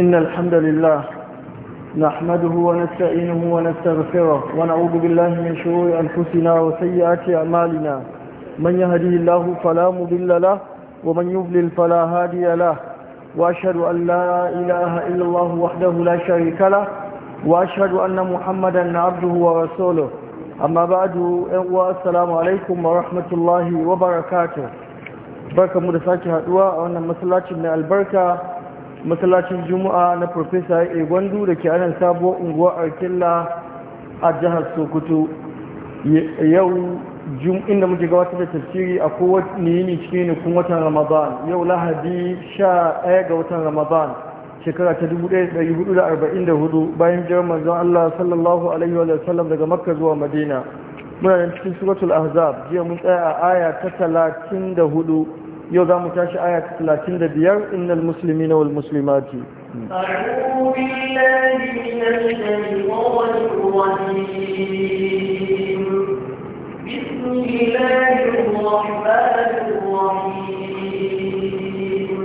إن الحمد لله نحمده ونستعينه ونستغفره ونعوذ بالله من شرور أنفسنا وسيئات أعمالنا من يهدي الله فلا مضل له ومن يضلل فلا هادي له وأشهد أن لا إله إلا الله وحده لا شريك له وأشهد أن محمدا عبده ورسوله أما بعد السلام عليكم ورحمة الله وبركاته بركة مدساكي هدوى وأن مسلاتي من البركة masallacin juma'a na profesa a gwandu da ke anan sabuwar unguwar arkilla a jihar sokoto yau inda muke gabatar da tafsiri a kowane yini cikin nukun watan ramadan yau lahadi 11 ga watan ramadan shekara ta 1444 bayan jiran manzon allah sallallahu alaihi wa sallam daga makka zuwa madina muna cikin suratul ahzab jiya mun tsaya a aya ta 34 يو za متاش tashi aya إن المسلمين والمسلمات أعوذ بالله من الشيطان wal بسم الله الرحمن الرحيم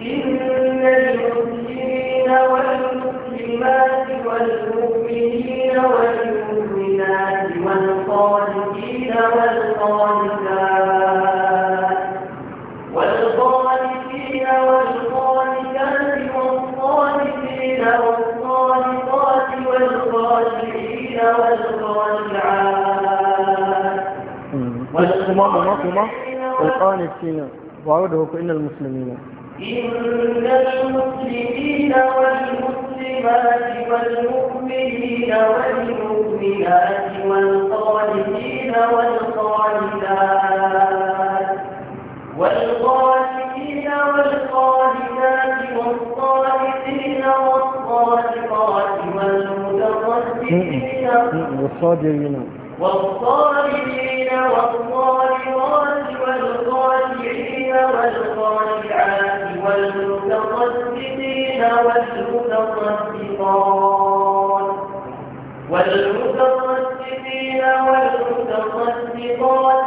إن المسلمين والمسلمات والمؤمنين والمؤمنات والصادقين والصادقات والصالحات والخاشعين والخاشعات والخاشعين والقانتين وعوده كإن المسلمين إن المسلمين والمسلمات والمؤمنين والمؤمنات والقانتين والقانتات والقانتين والقانتات والصالحين والصادقات والصادقين والمتصدقين والمتصدقات والمتصدقين والمتصدقات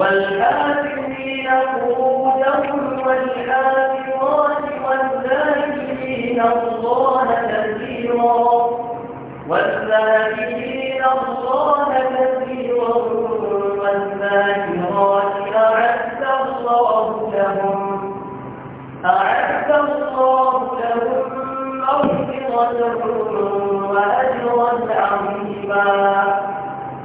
والحافظين قوتهم والحافظات والذاكرين الله كثيرا والذاكرين الله كثيرا والذاكرات أعد الله لهم أعد الله لهم مغفرة وأجرا عظيما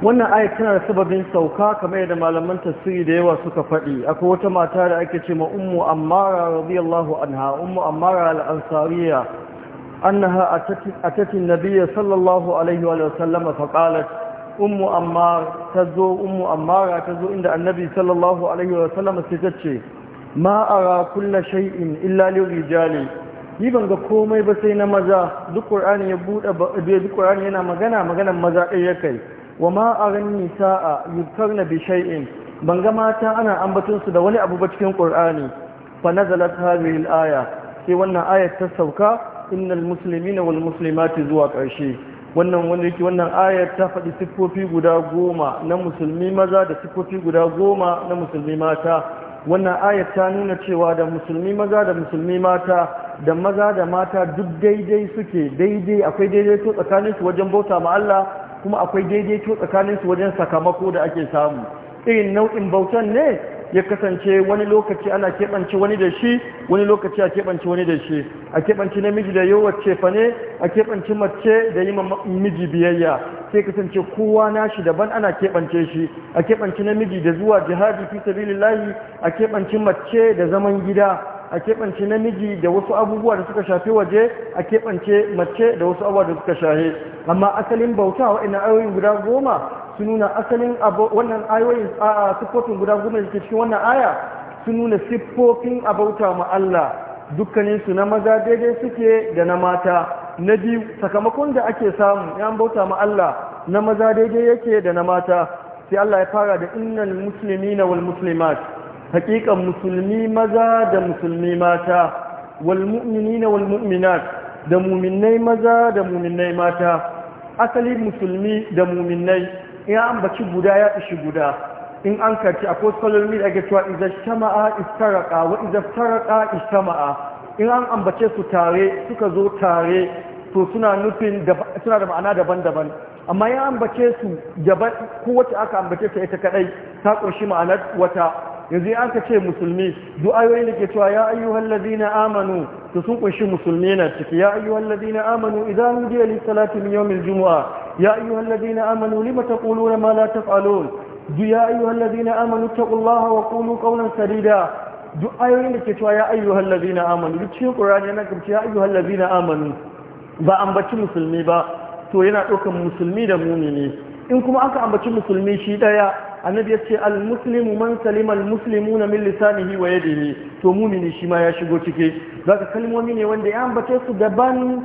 wannan ayat tana da sababin sauka kamar yadda malaman tafsiri da yawa suka faɗi akwai wata mata da ake ce ma ummu ammara radiyallahu anha ummu ammara al-ansariya annaha atati nabiyya sallallahu alaihi wa sallam fa qalat ummu ammar tazo ummu ammara tazo inda annabi sallallahu alaihi wa sallam sai ta ce ma ara kullu shay'in illa lil rijali ni ban ga komai ba sai na maza duk qur'ani ya bude duk qur'ani yana magana maganan maza ɗaya kai wa ma aran nisaa yuzkarna bi Bishai'in, ban ga mata ana ambaton da wani abu ba cikin Ƙur'ani. fa nazalat hadhihi aya sai wannan ayat ta sauka innal muslimina wal muslimati zuwa ƙarshe. wannan wanda yake wannan ayar ta faɗi siffofi guda goma na musulmi maza da siffofi guda goma na musulmi mata wannan ayar ta nuna cewa da musulmi maza da musulmi mata da maza da mata duk daidai suke daidai akwai daidai to tsakaninsu wajen bauta ma Allah kuma akwai daidaito su wajen sakamako da ake samu irin nau'in bautan ne ya kasance wani lokaci ana keɓance wani da shi wani lokaci a keɓance wani da shi a keɓance namiji da yawa cefa ne a keɓance mace da yi miji biyayya sai kasance kowa na shi daban ana keɓance shi a keɓance namiji da zuwa jihadi fi sabilillahi a keɓance mace da zaman gida a keɓance namiji da wasu abubuwa da suka shafi waje a keɓance mace da wasu abubuwa da suka shahe amma asalin bauta ina ayoyin guda goma su nuna asalin wannan ayoyin a siffofin guda goma da cikin wannan aya su nuna siffofin a bauta ma Allah dukkaninsu na maza daidai suke da na mata na biyu sakamakon da ake samu yan bauta ma Allah na maza daidai yake da na mata sai Allah ya fara da innal muslimina wal muslimat Haƙiƙa musulmi maza da musulmi mata na walmu'minat da muminai maza da muminai mata asali musulmi da muminai in ambaci guda ya ishi guda in an karci akwai salolmi da ake cewa idan shama'a istaraka wa idan taraka istama'a in an ambace su tare suka zo tare to suna nufin suna da ma'ana daban-daban amma ya ambace su daban ko wacce aka ambace ta ita kadai ta ƙunshi ma'anar wata yanzu aka ce musulmi du'ayoyi da ke cewa ya ayyuhal ladina amanu to sun kunshi musulmi na ciki ya ayyuhal ladina amanu idan nudiya lis salati min yawmil jumu'a ya ayyuhal ladina amanu lima taquluna ma la taf'alun ya ayyuhal ladina amanu taqullaha wa qulu qawlan sadida du'ayoyin da ke cewa ya ayyuhal ladina amanu duk cikin qur'ani yana kamce ya ayyuhal ladina amanu ba ambaci musulmi ba to yana ɗaukar musulmi da mumini in kuma aka ambaci musulmi shi ɗaya annabi ya ce almuslimu man salima almuslimuna min lisanihi wa yadihi to mumini shi ma ya shigo ciki zaka kalmomi ne wanda ya ambace su daban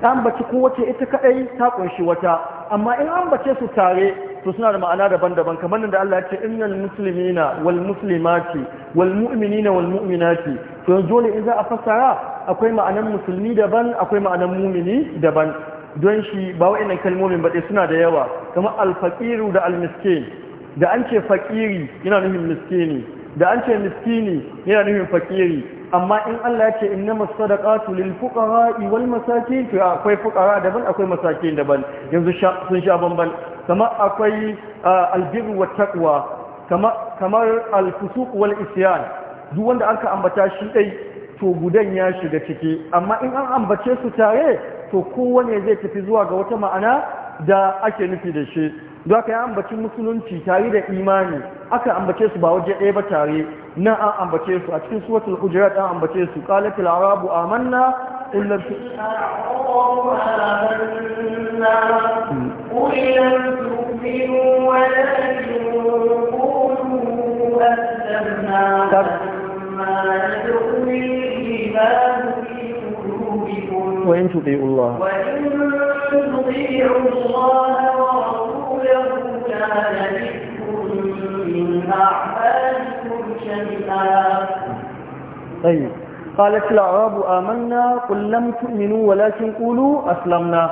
ko kowace ita kadai ta kunshi wata amma in ambace su tare to suna da ma'ana daban-daban kamar da Allah ya ce innal muslimina wal muslimati wal mu'minina wal mu'minati to dole in za a fassara akwai ma'anan musulmi daban akwai ma'anan mumini daban don shi ba wa'annan kalmomin ba suna da yawa kamar alfaqiru da almiskin da an ce fakiri yana nufin miskini da an ce miskini yana nufin fakiri amma in Allah ya ce inna masadaqatu lil fuqara wal masakin to akwai fuqara daban akwai masakin daban yanzu sun sha bamban kama akwai ah, albirru wat taqwa kama kamar al fusuq wal isyan duk wanda aka ambata shi dai to gudan ya shiga ciki amma in an ambace su tare to kowane zai tafi zuwa ga wata ma'ana da ake nufi da shi da aka yi ambaci musulunci tare da imani aka ambace su ba waje ɗaya ba tare na an ambace su a cikin suratul hujurat an ambace su qalatil arabu amanna illa bi وإن تطيعوا الله وإن تطيعوا الله له كان رزق من أعمالكم شيئا طيب قالت الأعراب آمنا قل لم تؤمنوا ولكن قولوا أسلمنا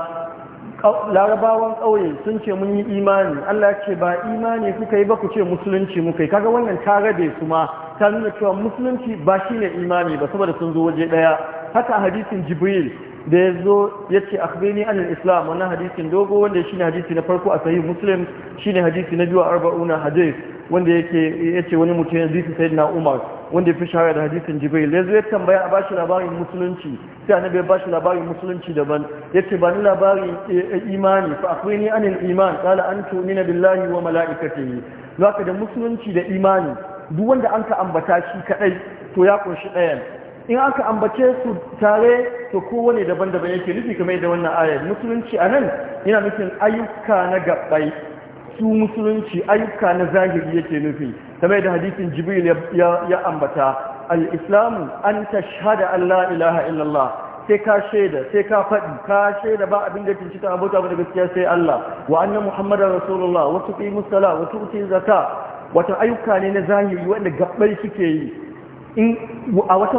larabawan ƙauye sun ce mun yi imani Allah ce ba imani kuka yi ba ku ce musulunci muka yi kaga wannan ta rabe su ma ta nuna cewa musulunci ba shi ne imani ba saboda sun zo waje ɗaya haka hadisin jibril da ya zo ya ce akhbirni an islam wannan hadisin dogo wanda shine hadisi na farko a sahih muslim shine hadisi na biyu a arba'una hadith wanda yake yace wani mutum ya hadisi na umar wanda ya fi shahara da hadisin jibril ya zo ya tambaya a bashi labarin musulunci sai annabi ya bashi labarin musulunci daban yace ba ni labarin eh, imani fa akhbirni an iman qala an billahi wa malaikatihi zaka da musulunci da imani duk wanda an ambata shi kadai to ya kunshi ɗayan in aka ambace su tare to kowane daban-daban yake nufi kamar da wannan ayar musulunci a nan yana nufin ayyuka na gabbai su musulunci ayyuka na zahiri yake nufi kamar da hadisin jibril ya ambata al-islamu an ta an allah ilaha illallah sai ka shaida sai ka faɗi ka shaida ba abin da cikin abota ba da gaskiya sai Allah wa anna muhammadar rasulullah wasu ƙi musala wasu ƙi zata, wata ayyuka ne na zahiri wanda gabbai suke yi in a wata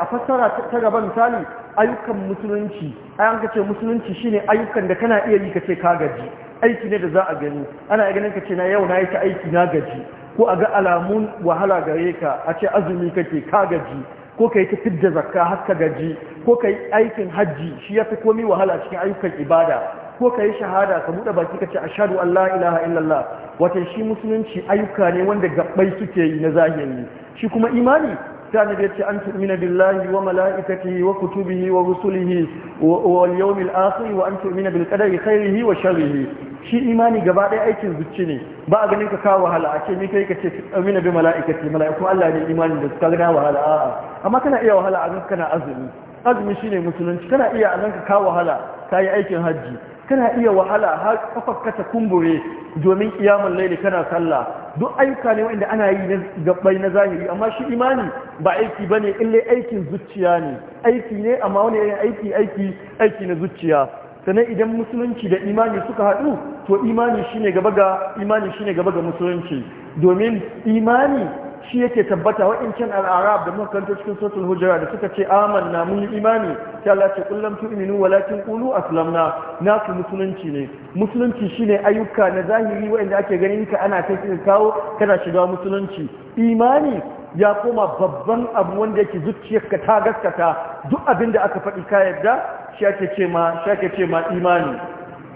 a fassara ta gaba misali ayyukan musulunci ayan ka ce musulunci shine ayyukan da kana iya yi ka ce ka gaji aiki ne da za a gani ana iya ganin ka ce na yau na yi ta aiki na gaji ko a ga alamun wahala gare ka a ce azumi kake ka gaji ko ka yi ta fidda zakka har gaji ko ka yi aikin hajji shi ya fi komi wahala cikin ayyukan ibada ko ka yi shahada ka buɗe baki ka ce ashadu Allah ilaha illallah watan shi musulunci ayyuka ne wanda gabbai suke yi na zahiri shi kuma imani ثاني يتي أن تؤمن بالله وملائكته وكتبه ورسله واليوم الآخر وأن تؤمن بالقدر خيره وشره shi imani gaba ɗaya aikin zuci ne ba a ganin ka kawo wahala a ce ni kai ka ce amina bi mala'ikati mala'iku Allah ne imani da suka gana wahala a'a amma kana iya wahala a kana azumi azumi shine musulunci Tana iya a ka kawo wahala kayi aikin hajji kana iya wahala har ka ta kumbure domin kiyamun laili kana sallah duk ayyuka ne wanda ana yi na gabbai na zahiri amma shi imani ba aiki ba ne illai aikin zuciya ne aiki ne amma wani irin aiki aiki aiki na zuciya sannan idan musulunci da imani suka haɗu to imani shine gaba ga imani shine gaba ga musulunci domin imani shi yake tabbata wa'incan al'arab da muka kanto cikin sautul hujra da suka ce Aman mun yi imani Ta Allah ce kullum tu'minu walakin kulu aslamna na Nasu musulunci ne musulunci shine ayyuka na zahiri wa'inda ake ganin ka ana kai kawo kana shiga musulunci imani ya koma babban abu wanda yake zuciyarka ta gaskata duk abin da aka faɗi ka yarda shi ake ce ma shi ake ce ma imani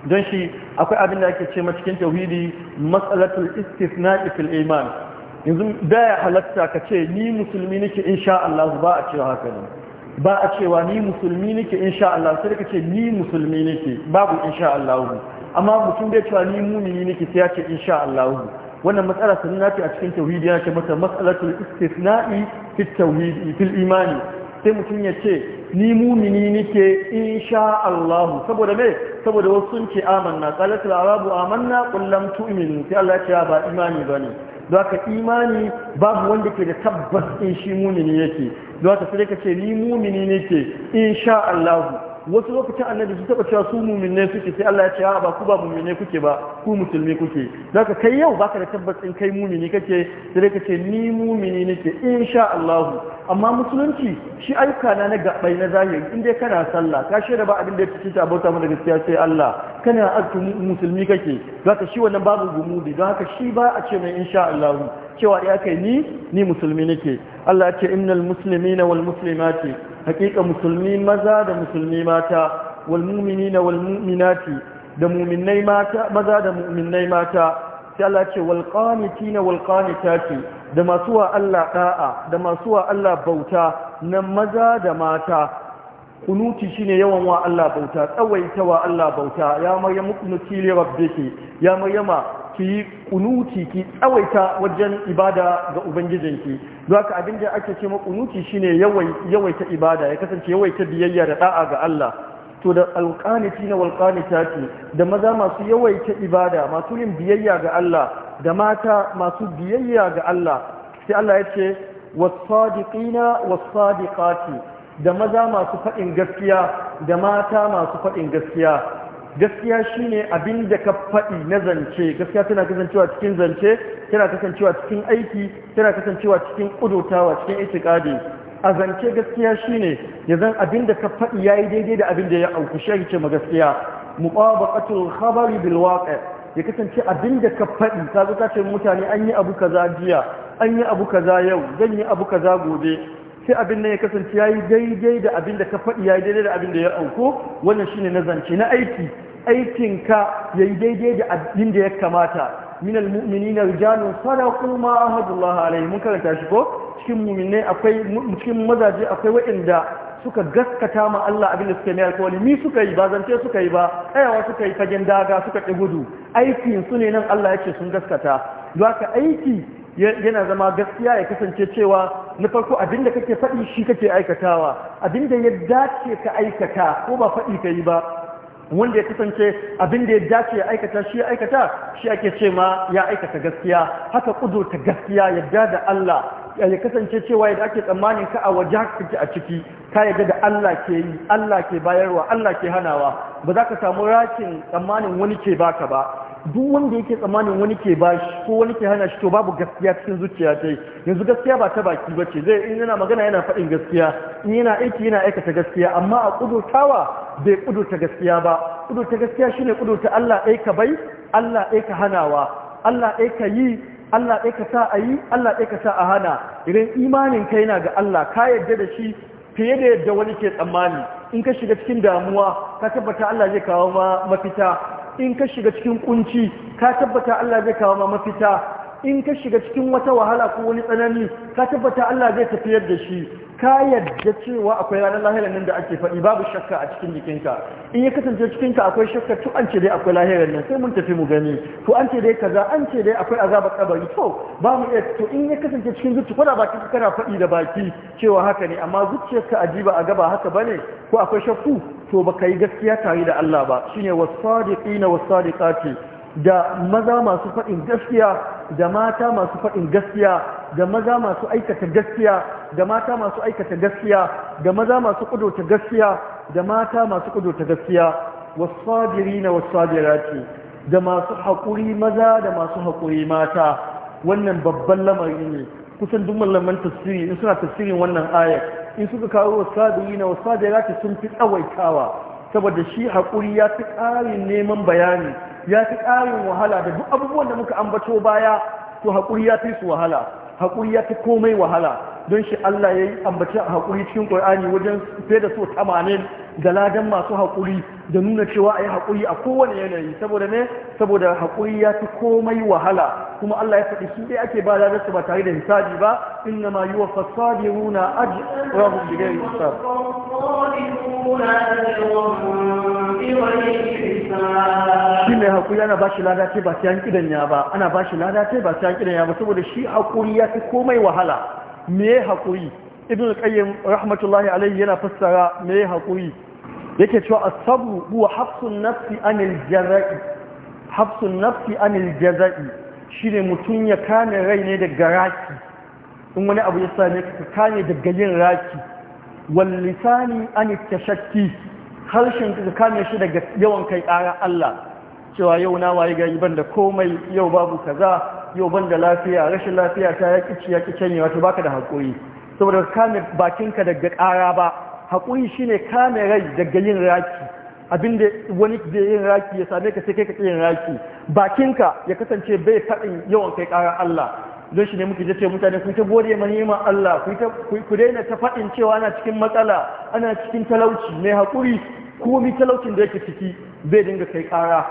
don shi akwai abin da ake ce ma cikin tauhidi mas'alatul istisna'i fil iman yanzu baya halatta ka ce ni musulmi nake insha Allah ba a cewa haka ne ba a cewa ni musulmi nake insha Allah sai ka ce ni musulmi nake babu insha Allah amma mutum bai cewa ni mumini nake sai ya ce insha Allah wannan matsala sanna ce a cikin tauhidi yana ce mata mas'alatul istisna'i fi tauhidi fil imani sai mutum ya ce ni mumini nake insha Allah saboda me saboda wasu sun ce amanna qalatul arabu amanna qul lam tu'minu sai Allah ya ce ba imani bane don haka imani babu wanda ke da tabbas in shi mumini yake don haka sai ka ce ni mumini nake insha allahu. wasu lokacin annabi su taba cewa su mu'minai suke sai Allah ya ce ba ku ba mu'minai kuke ba ku musulmi kuke zaka kai yau baka da tabbacin kai mu'mini kake sai ka ce ni mu'mini nake insha Allah amma musulunci shi ayyuka na na gabai na zahiri in dai kana sallah ka shaida ba abin da yake ta bauta da gaskiya sai Allah kana azku musulmi kake zaka shi wannan babu gumudi don haka shi ba a ce mai insha Allah cewa ya kai ni ni musulmi nake Allah ya ce innal muslimina wal muslimati Haƙiƙa musulmi maza da musulmi mata wal na walmuminati, da muminai mata maza da muminai mata sai Allah ce wal qanitina wal qanitati da masu wa Allah da'a da masu wa Allah bauta na maza da mata kunuti shine yawan wa Allah bauta tsawaita wa Allah bauta ya maryamu kunuti li rabbiki ya maryama ki yi kunuti ki tsawaita wajen ibada ga ubangijinki don haka abin da ake ce kunuti shine yawaita ibada ya kasance yawaita biyayya da da'a ga Allah to da alqaniti na walqanitati da maza masu yawaita ibada masu yin biyayya ga Allah da mata masu biyayya ga Allah sai Allah ya ce wasadiqina wasadiqati da maza masu faɗin gaskiya da mata masu faɗin gaskiya gaskiya shine abin da ka faɗi na zance gaskiya tana kasancewa cikin zance tana kasancewa cikin aiki tana kasancewa cikin ƙudotawa cikin itikadi a zance gaskiya shine ya zan abin da ka faɗi ya yi daidai da abin da ya auku shi ake ma gaskiya muqabaqatul khabari bil waqi ya kasance abin da ka faɗi ka ka ce mutane an yi abu kaza jiya an yi abu kaza yau zan yi abu kaza gobe sai abin nan ya kasance ya yi daidai da abin da ka faɗi ya yi daidai da abin da ya auko wannan shine na zance na aiki aikinka ya yi daidai da abin da ya kamata min almu'minin rijalu sadaqu ma ahadullah alaihi mun karanta shi ko cikin mu'mine akwai cikin mazaje akwai waɗanda suka gaskata ma Allah abin da suka yi alƙawari mi suka yi ba zance suka yi ba tsayawa suka yi fagen daga suka ƙi gudu aikin su ne nan Allah yake sun gaskata don haka aiki yana zama gaskiya ya kasance cewa na farko abinda kake faɗi shi kake aikatawa abinda ya dace ka aikata ko ba faɗi ka yi ba wanda ya kasance abinda ya dace ya aikata shi ya aikata shi ake ce ma ya aikata gaskiya haka kudurta gaskiya yadda da Allah ya kasance cewa yadda ake tsammanin ka a waje haka kake a ciki ka yadda da Allah ke yi Allah ke bayarwa Allah ke hanawa ba za ka samu rakin tsammanin wani ke baka ba duk wanda yake tsammanin wani ke ba shi ko wani ke hana shi to babu gaskiya cikin zuciya ta yi. yanzu gaskiya ba ta baki ba ce zai in yana magana yana faɗin gaskiya in yana aiki yana aikata gaskiya amma a kudurtawa bai ƙudurta gaskiya ba ƙudurta gaskiya shine ƙudurta Allah ɗaya ka bai Allah ɗaya ka hanawa Allah ɗaya ka yi Allah ɗaya ka sa a yi Allah ɗaya ka sa a hana idan imanin ka yana ga Allah ka yarda da shi fiye da yadda wani ke tsammani in ka shiga cikin damuwa ka tabbata Allah zai kawo mafita in ka shiga cikin kunci ka tabbata Allah zai kawo ma mafita in ka shiga cikin wata wahala ko wani tsanani ka tabbata Allah zai tafiyar da shi ka yadda cewa akwai ranar lahirar nan da ake faɗi babu shakka a cikin jikinka in ya kasance cikinka akwai shakka to an ce dai akwai lahirar nan sai mun tafi mu gani to an ce dai kaza an ce dai akwai azaba kabari to ba mu iya to in ya kasance cikin zuci ko da baki kana faɗi da baki cewa haka ne amma zuciyarka a jiba a gaba haka bane ko akwai shakku to baka yi gaskiya tare da Allah ba shine wasadiqina wasadiqati da maza masu faɗin gaskiya da mata masu faɗin gaskiya da maza masu aikata gaskiya da mata masu aikata gaskiya da maza masu ƙudurta gaskiya da mata masu ƙudurta gaskiya wasfajiri na ce da masu haƙuri maza da masu haƙuri mata wannan babban lamari ne kusan duk malaman tasiri in suna tasirin wannan ayar in suka kawo wasfajiri na wasfajirati sun fi tsawaitawa saboda shi haƙuri ya fi ƙarin neman bayani ya fi ƙarin wahala da duk abubuwan da muka ambato baya to haƙuri ya fi su wahala haƙuri ya fi komai wahala don shi Allah ya yi ambaci a haƙuri cikin ƙur'ani wajen fiye da so tamanin da ladan masu haƙuri da nuna cewa a yi haƙuri a kowane yanayi saboda ne saboda haƙuri ya fi komai wahala kuma Allah ya faɗi shi dai ake ba ladarsu ba tare da hisabi ba inna ma yi wa fasadi runa aji rahun da gari hisab shi mai haƙuri ana ba shi lada ce ba sai kidan ya ba ana ba shi lada ce ba sai kidan ya ba saboda shi haƙuri ya fi komai wahala me haƙuri ibn al-qayyim rahmatullahi alayhi yana fassara me hakuri yake cewa as-sabru huwa hafsun nafsi anil jazai hafsun nafsi anil jazai shine mutun ya kame rai ne daga raki in wani abu ya same ka kame daga yin raki wal lisani anit tashakki harshen ka kame shi daga yawan kai ƙara Allah cewa yau na waye gari ban komai yau babu kaza yau banda lafiya rashin lafiya ta ya kici ya kici ne wato baka da hakuri saboda kame bakinka daga ƙara ba haƙuri shine kame rai daga yin raki abinda wani da yin raki ya same ka sai kai ka yin raki bakinka ya kasance bai faɗin yawan kai ƙara Allah don shi ne muke jace mutane ku ta gode ma Allah ku daina ta faɗin cewa ana cikin matsala ana cikin talauci mai haƙuri komi talaucin da yake ciki bai dinga kai ƙara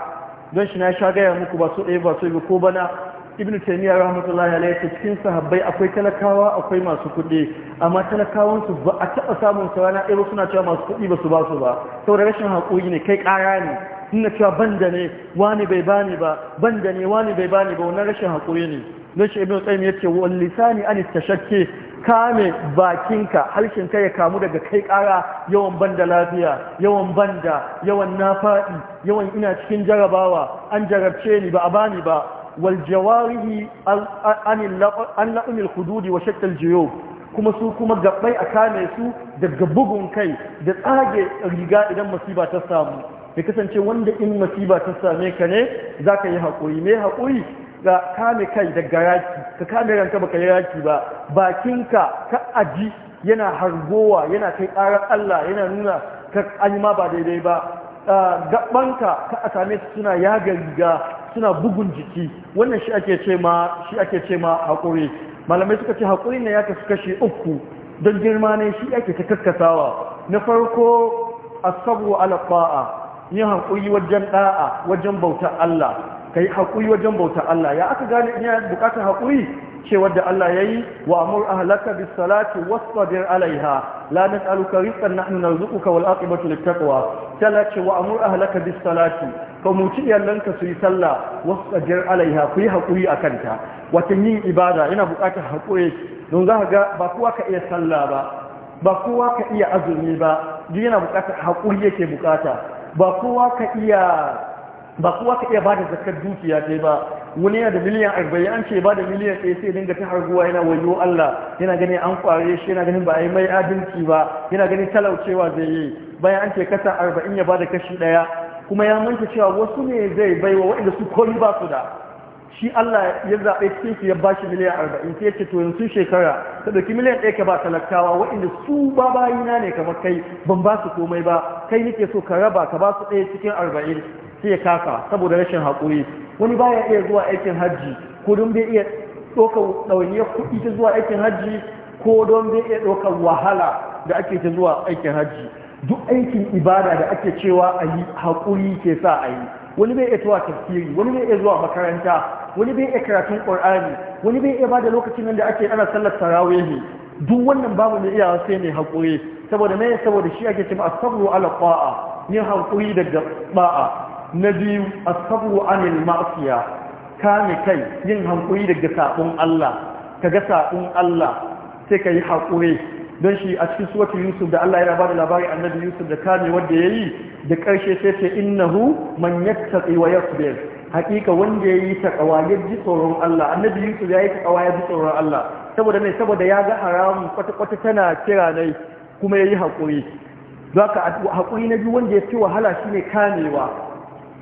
don shi na sha gaya muku ba so ɗaya ba so ko bana ibn taymiya rahmatullahi ta cikin sahabbai akwai talakawa akwai masu kuɗi amma talakawan su ba a taɓa samun sa rana ɗaya suna cewa masu kuɗi ba su ba su ba saboda rashin haƙuri ne kai ƙara ne ina cewa banda ne wani bai bani ba banda ne wani bai bani ba wannan rashin haƙuri ne shi ibn qayyim yace wal lisani an tashakki kame bakinka harshen ka ya kamu daga kai ƙara yawan banda lafiya yawan banda yawan na faɗi yawan ina cikin jarabawa an jarabce ni ba a bani ba والجوارح عن لأم الخدود وشتى الجيوب kuma su kuma gabbai a kame su daga bugun kai da tsage riga idan masiba ta samu da kasance wanda in masiba ta same ka ne za ka yi haƙuri mai haƙuri ga kame kai daga raki ka kame ranka baka yi raki ba bakinka ka aji yana hargowa yana kai ƙarar Allah yana nuna ka ma ba daidai ba gabanka ka a same su suna yaga riga suna bugun jiki wannan shi ake ce ma shi ake ce ma haƙuri malamai suka ce haƙuri ne ya kasu kashe uku don girma ne shi ake ta kakkasawa na farko asabu ala alaƙa'a, yin haƙuri wajen da'a wajen bautar Allah kai haƙuri wajen bautar Allah ya aka gane in ya bukatar haƙuri ce wadda Allah ya yayi wa amur ahlaka bis salati wasbir alaiha la nas'aluka rizqan nahnu narzuquka wal aqibatu lit taqwa ce wa amur ahlaka bis salati ka muci iyalanka su yi sallah wasbir alaiha ku yi haƙuri a kanta. Watan yin ibada yana buƙatar hakuri don za ga ba kowa ka iya sallah ba ba kowa ka iya azumi ba duk yana buƙatar haƙuri yake buƙata ba kowa ka iya ba kowa ka iya bada zakar dukiya dai ba wani yana da miliyan arba'in an ce ba da miliyan ɗaya sai dinga ta harguwa yana wayo Allah yana ganin an kware shi yana ganin ba a yi mai adinci ba yana ganin talaucewa zai yi bayan an ce kasa arba'in ya ba da kashi ɗaya kuma ya manta cewa wasu ne zai bai wa waɗanda su komi ba su da shi Allah ya zaɓe cikin su ya ba shi miliyan arba'in sai ya ce to yanzu shekara ta ɗauki miliyan ɗaya ka ba talakawa waɗanda su ba bayina ne kamar kai ban ba su komai ba kai nake so ka raba ka ba su ɗaya cikin arba'in sai ya kasa saboda rashin haƙuri wani baya iya zuwa aikin hajji ko don bai iya ɗaukar ɗawainiyar kuɗi ta zuwa aikin hajji ko don bai iya ɗaukar wahala da ake ta zuwa aikin hajji duk aikin ibada da ake cewa a yi haƙuri ke sa a yi wani bai iya zuwa tafsiri wani bai iya zuwa makaranta wani bai iya karatun ƙur'ani wani bai iya bada lokacin nan da ake ana sallar tarawehi duk wannan babu mai iyawa sai mai haƙuri saboda mai saboda shi ake cewa asabru ala qa'a yin haƙuri da ba'a na biyu asabu anil ma'siya kame kai yin hankuri daga sabon Allah Ka ga sabon Allah sai kai hakuri dan shi a cikin suratul yusuf da Allah ya da labari annabi yusuf da kame wanda yayi da karshe sai ce innahu man yattaqi wa yasbir hakika wanda yayi takawa ya ji tsoron Allah annabi yusuf yayi takawa ya ji tsoron Allah saboda ne saboda ya ga haramun kwata kwata tana kira ne kuma yayi hakuri zaka hakuri na biyu wanda ya ci wahala shi shine kamewa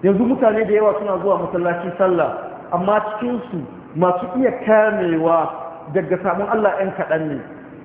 yanzu mutane da yawa suna zuwa masallaci sallah amma cikinsu masu iya kamewa daga samun Allah ‘yan kaɗan ne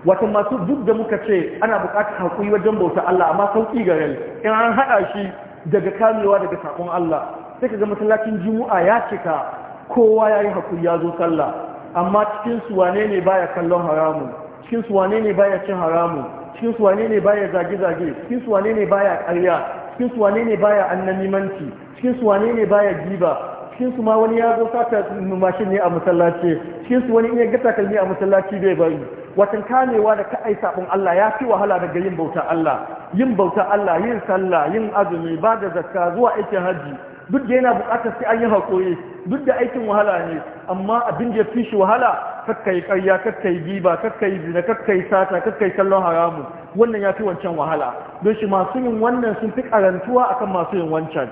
wata masu duk da muka ce ana buƙatar haƙuri wajen bauta Allah amma sauƙi ga rai in an haɗa shi daga kamewa daga saƙon Allah sai ka ga masallacin jimu'a ya cika kowa ya yi haƙuri ya zo sallah amma cikin su wane ne baya kallon haramu? cikin su wane ne baya cin haramu? cikin su wane ne baya zage-zage cikin su wane ne baya ƙarya cikin su wane ne baya annamimanci cikin su wane ne baya giba cikin su ma wani ya zo sata mashin ne a masallaci cikin su wani iya ga takalmi a masallaci bai bari watan kamewa da ka aisa bin Allah ya fi wahala daga yin bauta Allah yin bauta Allah yin sallah yin azumi ba da zakka zuwa aikin hajji duk da yana bukatar sai an yi haƙuri duk da aikin wahala ne amma abin da ya fi shi wahala kakka yi ƙarya kakka yi giba kakka zina kakka sata kakka yi kallon haramu wannan ya fi wancan wahala don shi masu yin wannan sun fi karantuwa akan masu yin wancan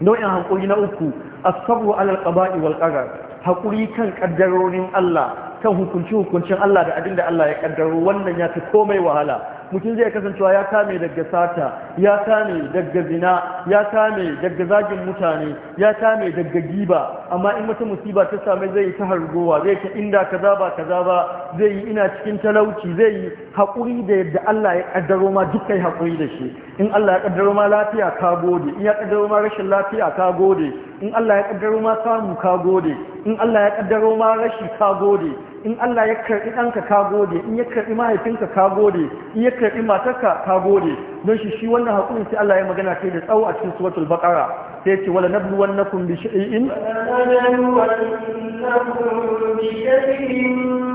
nau'in haƙuri na uku asabu alal qaba'i wal qadar haƙuri kan kaddarorin Allah kan hukunci hukuncin Allah da abin da Allah ya kaddaro wannan ya fi komai wahala mutum zai kasancewa ya kame daga sata ya kame daga zina ya kame daga zagin mutane ya kame daga giba amma in wata musiba ta same zai ta hargowa zai ta inda kaza ba kaza ba zai yi ina cikin talauci zai yi haƙuri da yadda Allah ya kaddaro ma duk kai haƙuri da shi in Allah ya kaddaro ma lafiya ka gode in ya kaddaro ma rashin lafiya ka gode in Allah ya kaddaro ma samu ka gode in Allah ya kaddaro ma rashi ka gode in Allah ya karɓi ɗanka ka gode in ya karɓi mahaifinka ka gode in ya karɓi matarka ka gode don shi shi wannan haƙurin sai Allah ya magana kai da tsawo a cikin suratul baqara sai ya ce wala nabluwannakum bi shay'in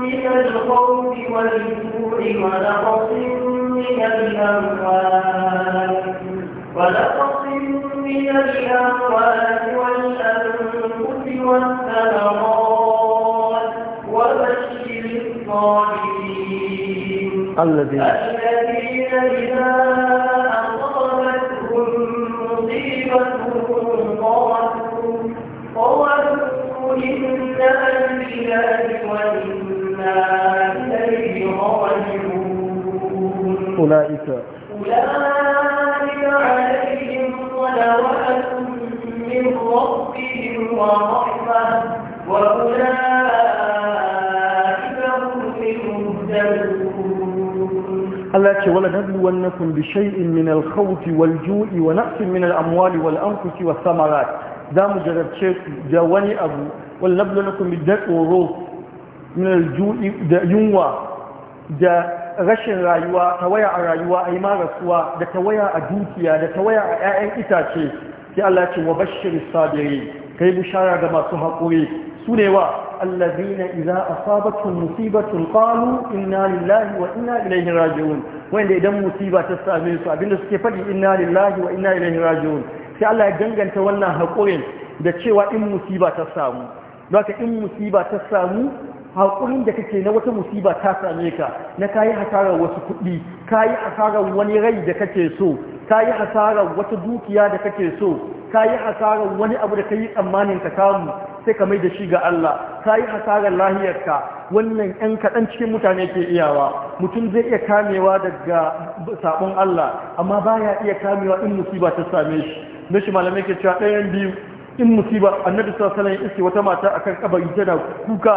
من الخوف والجوع ونقص من الأموال ونقص من الأموال والأنفس والثمرات الصالحين الذين إذا أصابتهم مصيبة قالوا قالوا إنا لله وإنا إليه راجعون أولئك أولئك عليهم صلوات من ربهم ورحمة Allah ce wala nabluwannakum bi shay'in min al-khawfi wal-ju'i wa naqsin min al-amwali wal-anfusi was-samarat za mu jarabce da wani abu wal nabluwannakum bi daqoro min al-ju'i da yunwa da rashin rayuwa tawaya a rayuwa ai ma rasuwa da tawaya a dukiya da tawaya a ƴaƴan itace sai Allah ce wa bashir sabiri kai bushara ga masu haƙuri su ne wa الذين إذا أصابتهم مصيبة قالوا إنا لله وإنا إليه راجعون وإن إذا مصيبة تستعمل سؤال سكفر إنا لله وإنا إليه راجعون sai Allah ya danganta wannan haƙurin da cewa in musiba ta samu ka in musiba ta samu haƙurin da kake na wata musiba ta same ka na kayi hasarar wasu kuɗi kayi hasarar wani rai da kake so kayi hasarar wata dukiya da kake so ka yi hasarar wani abu da ka yi tsammanin ka samu sai ka mai da shi ga Allah ka yi hasarar lahiyarka wannan 'yan kaɗan cikin mutane ke iyawa mutum zai iya kamewa daga sabon Allah amma ba ya iya kamewa in musiba ta same shi na shi malamai ke cewa ɗayan biyu in musiba annabi sallallahu alaihi wasallam ya iske wata mata akan ta da kuka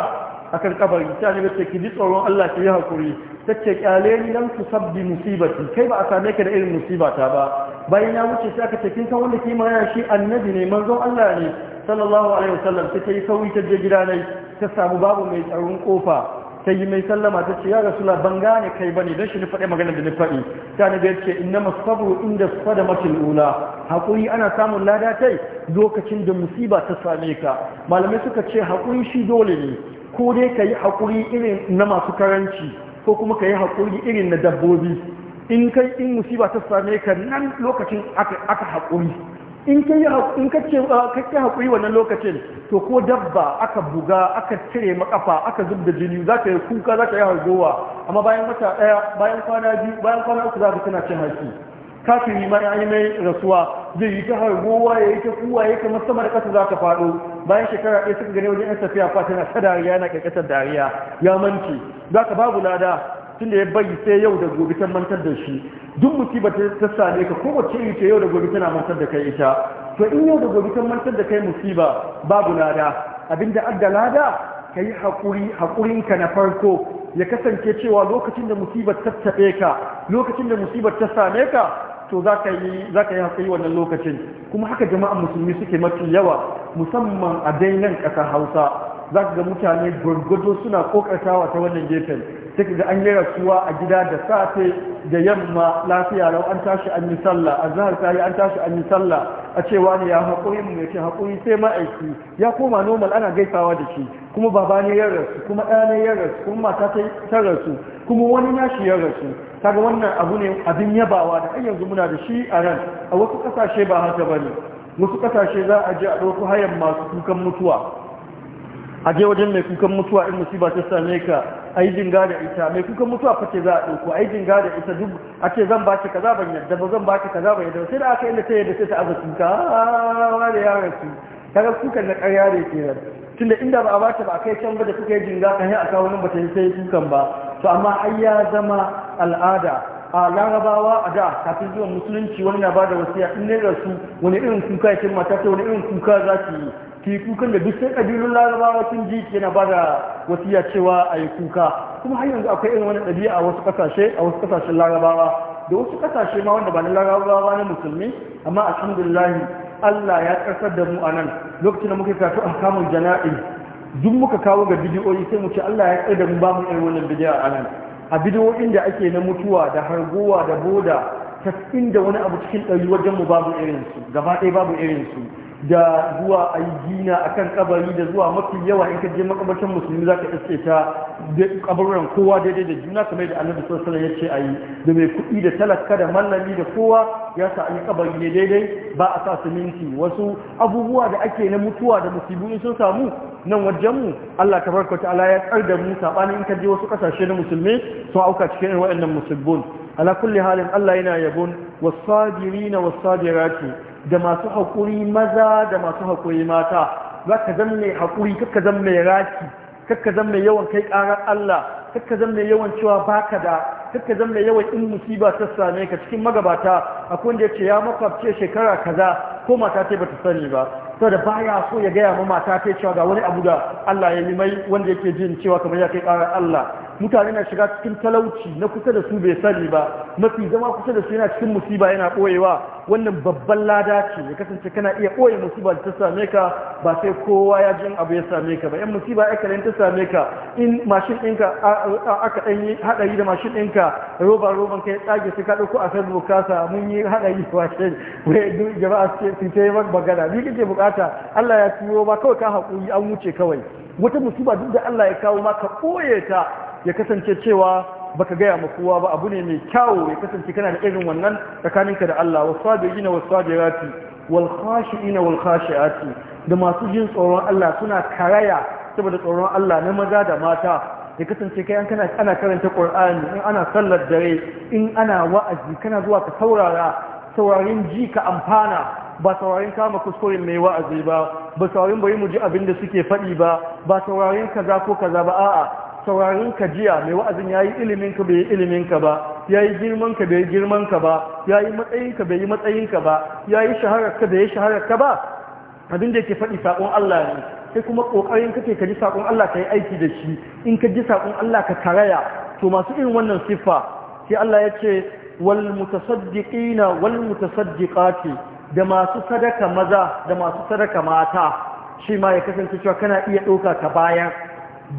akan kabari ta ne bace ki ji tsoron Allah ki yi hakuri take kyale ni dan ku sabbi musibati kai ba a same ka da irin musiba ta ba bayan ya wuce sai aka ce kin wanda ki mara shi annabi ne manzon Allah ne sallallahu alaihi wasallam ta yi sauri ta je gida ne ta samu babu mai tsaron kofa ta yi mai sallama ta ce ya rasula ban gane kai bane don shi ni faɗi magana da ni faɗi ta ni ce inna masabru inda sada ula haƙuri ana samun lada tai lokacin da musiba ta same ka malamai suka ce hakuri shi dole ne ko dai ka yi haƙuri irin na masu karanci ko kuma ka yi haƙuri irin na dabbobi in kai in musiba ta same ka nan lokacin aka haƙuri in ah, ka yi haƙuri wannan lokacin to ko dabba aka buga aka cire makafa aka zub da jini za ka yi kuka za ka yi hargowa amma bayan wata ɗaya bayan kwana biyu bayan kwana uku za ka tana cin haƙi kafiri ma ya yi mai rasuwa zai yi ta hargowa ya yi ta kuwa ya kamar sama da ƙasa za ka faɗo bayan shekara ɗaya suka gani wajen yan tafiya fa tana ta dariya yana ƙarƙashin dariya ya manci za ka babu lada tun da ya bari sai yau da gobe ta mantar da shi duk musibar ta same ka kowace yi ce yau da gobe tana mantar da kai ita to in yau da gobe ta mantar da kai musiba babu lada Abin da adda lada ka yi haƙuri haƙurinka na farko ya kasance cewa lokacin da musibar ta tafe ka lokacin da musibar ta same ka to za ka yi haƙari wannan lokacin kuma haka jama'a musulmi suke mafi yawa musamman a dainan ƙasar hausa za ka ga mutane gwargwado suna ƙoƙartawa ta wannan gefen sai ga an yi rasuwa a gida da safe da yamma lafiya rau an tashi an yi sallah a zahar ta an tashi an yi sallah a cewa ne ya haƙuri mu haƙuri sai ma'aiki ya koma normal ana gaisawa da shi kuma baba ne ya rasu kuma ɗa ne ya rasu kuma mata ta rasu kuma wani nashi ya rasu kaga wannan abu ne abin yabawa da yanzu muna da shi a ran a wasu kasashe ba haka ba ne. wasu kasashe za a je a ɗauku hayan masu kukan mutuwa a je wajen mai kukan mutuwa in musiba ta same ka a yi jinga da ita mai kukan mutuwa fa za a ɗauko a yi jinga da ita duk a ce zan baki kaza ban yadda ba zan baki kaza ban yadda sai da aka inda ta yadda sai ta aza kuka ah, wa da yaran su kaga kukan na ƙarya ne kenan tunda inda ba a baki ba a kai can ba da kuka yi jinga kan yi a kawo nan ba ta yi sai kukan ba to amma ai ya zama al'ada a larabawa a da kafin zuwa musulunci wani na bada wasiya in da rasu wani irin kuka ya mata ta wani irin kuka za su yi ki kukan da duk sai kabilun larabawa sun ji na bada ya cewa a yi kuka kuma har yanzu akwai irin wani ɗabi'a a wasu ƙasashe a wasu ƙasashen larabawa da wasu ƙasashe ma wanda ba na larabawa na musulmi amma alhamdulillah Allah ya ƙarfar da mu a nan lokacin da muke karatu a kamun jana'i duk muka kawo ga bidiyoyi sai mu ce Allah ya tsada mu ba mu irin wannan bidiya a nan a bidiyoyin da ake na mutuwa da hargowa da boda ta inda wani abu cikin ɗari wajen mu babu irin su gaba ɗaya babu irin su da zuwa a yi gina a kan kabari da zuwa mafi yawa in ka je makabarcin musulmi za ka iske ta kabarin kowa daidai da juna kamar da annabi sun sanar ya a yi da mai kuɗi da talaka da mallami da kowa ya sa yi kabari ne daidai ba a sa siminti wasu abubuwa da ake na mutuwa da musulmi sun samu nan wajen mu Allah ta ta Ala ya tsar da mu sabanin in ka je wasu kasashe na musulmi sun auka cikin waɗannan musulmun ala kulli halin Allah yana yabon wasabirina wasadirati da masu haƙuri maza da masu haƙuri mata za ka zan mai haƙuri kakka zan mai raki kakka zan mai yawan kai ƙarar Allah kakka zan mai yawan cewa baka da kakka zan mai yawan in musiba ta same ka cikin magabata akwai wanda ce ya makwabce shekara kaza ko mata ta bata sani ba da baya so ya gaya ma mata ce cewa ga wani abu da Allah ya yi mai wanda yake jin cewa kamar ya kai ƙarar Allah mutane na shiga cikin talauci na kusa da su bai sani ba mafi zama kusa da su yana cikin musiba yana ɓoyewa wannan babban lada ce ya kasance kana iya ɓoye musiba da ta same ka ba sai kowa ya jin abu ya same ka ba yan musiba ya karen ta same ka in mashin ɗinka aka ɗan yi haɗari da mashin ɗinka roba roban kai tsage sai ka ɗauko a facebook bukasa mun yi haɗari da ce jama'a su ta yi magana ni kake bukata Allah ya turo ba kawai ka haƙuri an wuce kawai wata musiba duk da Allah ya kawo ma ka ɓoye ta ya kasance cewa baka gaya ma kowa ba abu ne mai kyawu ya kasance kana da irin wannan tsakaninka da Allah wasabirina wasabirati wal khashiina wal khashiati da masu jin tsoron Allah suna karaya saboda tsoron Allah na maza da mata ya kasance kai an kana ana karanta Qur'ani in ana sallar dare in ana wa'azi kana zuwa ka saurara saurarin ji ka amfana ba saurarin kama kuskuren mai wa'azi ba ba saurarin bari mu ji abin da suke faɗi ba ba saurarin kaza ko kaza ba a'a saurarin ka jiya mai wa'azin yayi ilimin ka bai yi ilimin ka ba yayi girman ka bai girman ka ba yayi matsayin ka bai yi matsayin ka ba yayi shaharar ka bai shaharar ka ba abin da yake faɗi sakon Allah ne sai kuma kokarin kake ka ji sakon Allah ka yi aiki da shi in ka ji sakon Allah ka karaya to masu irin wannan siffa sai Allah ya ce wal mutasaddiqina wal mutasaddiqati da masu sadaka maza da masu sadaka mata shi ma ya kasance cewa kana iya ɗauka ka bayan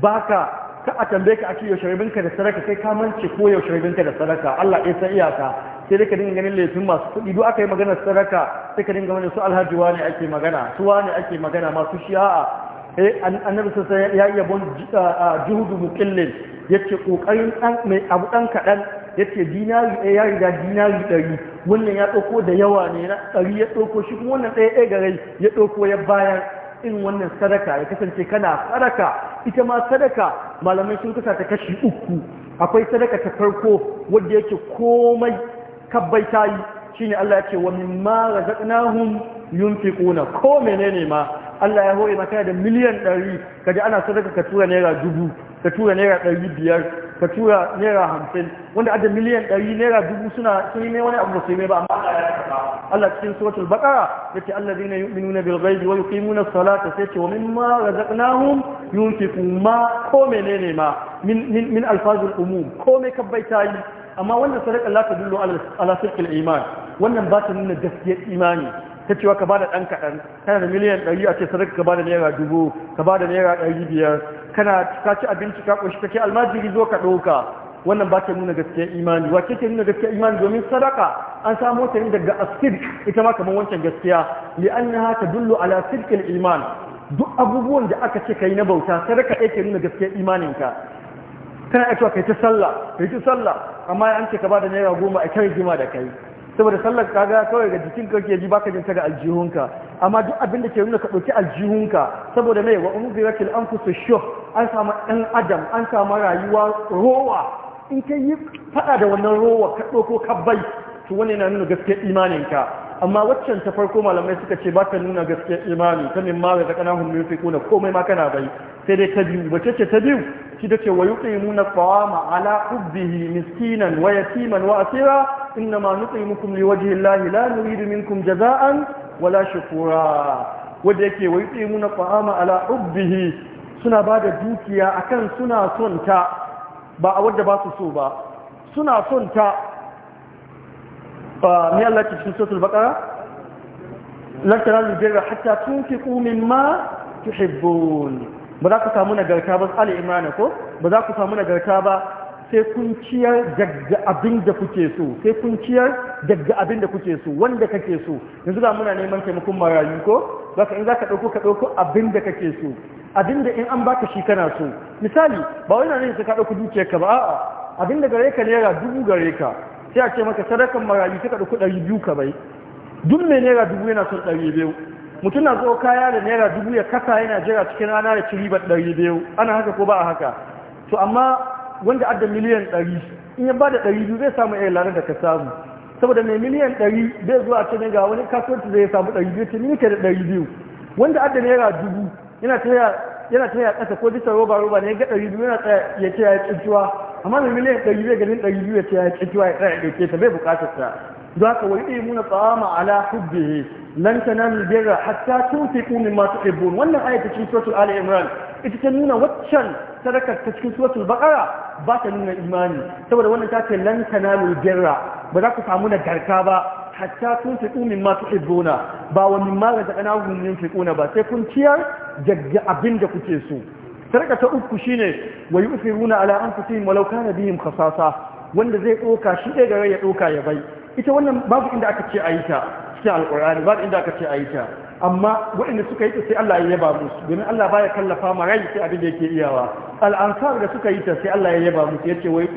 baka ka a tambaye ka a ce yaushe rabinka da sadaka kai ka mance ko yaushe rabinka da sadaka Allah ya san iyaka sai dai ka dinga ganin laifin masu kuɗi duk aka yi magana sadaka sai ka dinga wani su alhaji wani ake magana su wani ake magana masu shi'a eh annabi sai ya yi bon juhudu muqillin yace kokarin dan mai abu dan kadan yace dinari ɗaya ya riga dinari ɗari wannan ya ɗauko da yawa ne na dari ya ɗauko shi kuma wannan ɗaya ɗaya rai ya ɗauko ya bayar in wannan sadaka ya kasance kana sadaka ita ma sadaka malamai sun kasa ta kashi uku akwai sadaka ta farko wadda yake komai kabbai ta yi shi ne Allah ya ce wa mimma razaqnahum yunfiquna ko menene ma Allah ya hoye maka da miliyan ɗari, kaje ana sadaka ka tura naira dubu ka tura naira ɗari biyar. ka tura naira hamsin wanda adda miliyan ɗari naira dubu suna sun yi mai wani abu da su yi mai ba amma Allah cikin suratul Allah yace allazina nuna bil ghaibi wa yuqimuna nuna salata sai ce wa min mimma razaqnahum yunfiqun ma ko menene ma min min min alfazul umum ko me kabbai ta yi amma wannan sadaka la tadullu ala ala sirqil iman wannan ba ta nuna gaskiyar imani ta cewa ka bada ɗan kaɗan kana da miliyan ɗari a ce sadaka ka bada naira dubu ka bada naira ɗari biyar kana ka ci abinci ka ƙoshi kake almajiri zo ka ɗauka wannan ba ta nuna gaskiyar imani wa ke nuna gaskiyar imani domin sadaka an samo ta ne daga asir ita ma kamar wancan gaskiya li'annaha tadullu ala sidqil iman duk abubuwan da aka ce kai na bauta sadaka ɗaya ke nuna gaskiyar ka kana iya cewa kai ta sallah kai ta sallah amma an ce ka bada naira goma a kai jima da kai saboda sallar ka kaga kawai ga jikin ka ke ji baka jin ta ga aljihunka amma duk abin da ke nuna ka ɗauki aljihunka saboda mai wa umu an shuh an samu ɗan adam an samu rayuwa rowa in kai yi faɗa da wannan rowa ka ɗauko ka bai to wani na nuna gaskiyar ka amma waccan ta farko malamai suka ce ba ta nuna gaskiyar imani kamin ma da kana hun fi komai ma kana bai sai dai ta biyu bace ce ta biyu shi da ce wa yuqimuna at-ta'ama ala hubbihi miskinan wa yatiman wa asira innama nutimukum waje lahi la nuridu minkum jaza'an wala shukura wanda yake wa yuqimuna at-ta'ama ala hubbihi suna bada dukiya akan suna son ta ba a wadda ba su so ba suna son ta Ba mi Allah ke cikin suratul baqara lan tanalu birra fi tunfiqu ma, tuhibbun ba za ku samu nagarta ba ali imana ko ba za ku samu nagarta ba sai kun ciyar daga abin da kuke so sai kun ciyar daga abin da kuke so wanda kake so yanzu ga muna neman taimakon marayu ko zaka in zaka dauko ka dauko abin da kake so abin da in an baka shi kana so misali ba wai nan sai ka dauko dukiyar ka ba a'a abin da gare ka naira dubu gare ka sai a ce maka sadakan marayu sai ka dauko ɗari biyu ka bai duk mai naira dubu yana son ɗari biyu mutum na zo kaya da naira dubu ya kasa yana jira cikin rana da ciri ribar ɗari biyu ana haka ko ba a haka to amma wanda adda miliyan ɗari in ya ba da ɗari biyu zai samu irin lanar da ka samu saboda mai miliyan ɗari zai zuwa ce ga wani kasuwanci zai samu ɗari biyu ce ni da ɗari biyu wanda adda naira dubu yana ta ƙasa ko bisa roba roba ne ga ɗari biyu yana tsaya ya ce ya yi amma mai miliyan ɗari zai ganin ɗari biyu ya ce ya yi ya tsaya ya ɗauke ta bai buƙatar ta don haka wani ɗaya muna tsawama ala hubbihi lan tanalu birra hatta tunfiqu mimma tuhibbun wannan ayatu cikin suratul ali imran ita ta nuna waccan sadaka ta cikin suratul baqara ba ta nuna imani saboda wannan ta ce lan tanalu birra ba za ku samu nagarta ba hatta tunfiqu mimma tuhibbuna ba wa mimma razaqnahum yunfiquna ba sai kun ciyar jagga abin da kuke so sadaka ta uku shine wa yusiruna ala anfusihim walau kana bihim khasasa wanda zai doka shi ɗaya ga rai ya doka ya bai ita wannan babu inda aka ce a yi ta cikin alkur'ani ba inda aka ce a yi ta amma waɗanda suka yi ta sai Allah ya yaba musu domin Allah baya kallafa ma rai sai abin da yake iyawa al'ansar da suka yi ta sai Allah ya yaba musu yace wai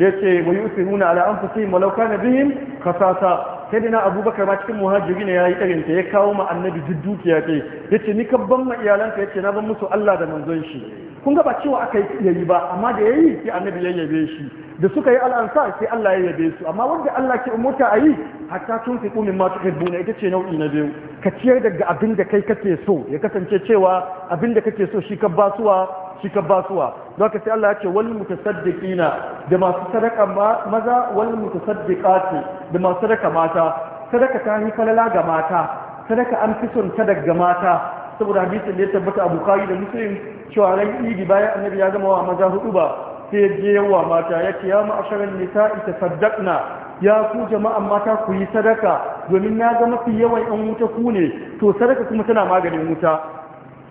yace wai usiruna ala anfusihim walau kana bihim khasasa sai dina abubakar ma cikin muhajiri ne yayi irin ta ya kawo ma annabi duk dukiya ce yace ni ka ban ma iyalanka yace na ban musu Allah da manzon shi kun ga ba cewa aka yi ba amma da yayi sai annabi ya yabe shi da suka yi al'ansar sai Allah ya yabe su amma wanda Allah ke umurta a yi hatta tun fi kumin masu buna ita ce nau'i na biyu ka ciyar daga abin da kai kake so ya kasance cewa abin da kake so shi ka basuwa shi ka basuwa don ka sai Allah ya ce wal mutasaddiqina da masu sadaka maza wal mutasaddiqati da masu sadaka mata sadaka ta yi falala ga mata sadaka an fi son ta daga mata saboda hadisin da ya tabbata a bukari da muslim cewa ran idi bayan annabi ya gama wa maza hudu ba sai ya je wa mata ya ce ya ma'asharar nisa'i tasaddaqna ya ku jama'an mata ku yi sadaka domin na ga mafi yawan yan wuta ku ne to sadaka kuma tana maganin wuta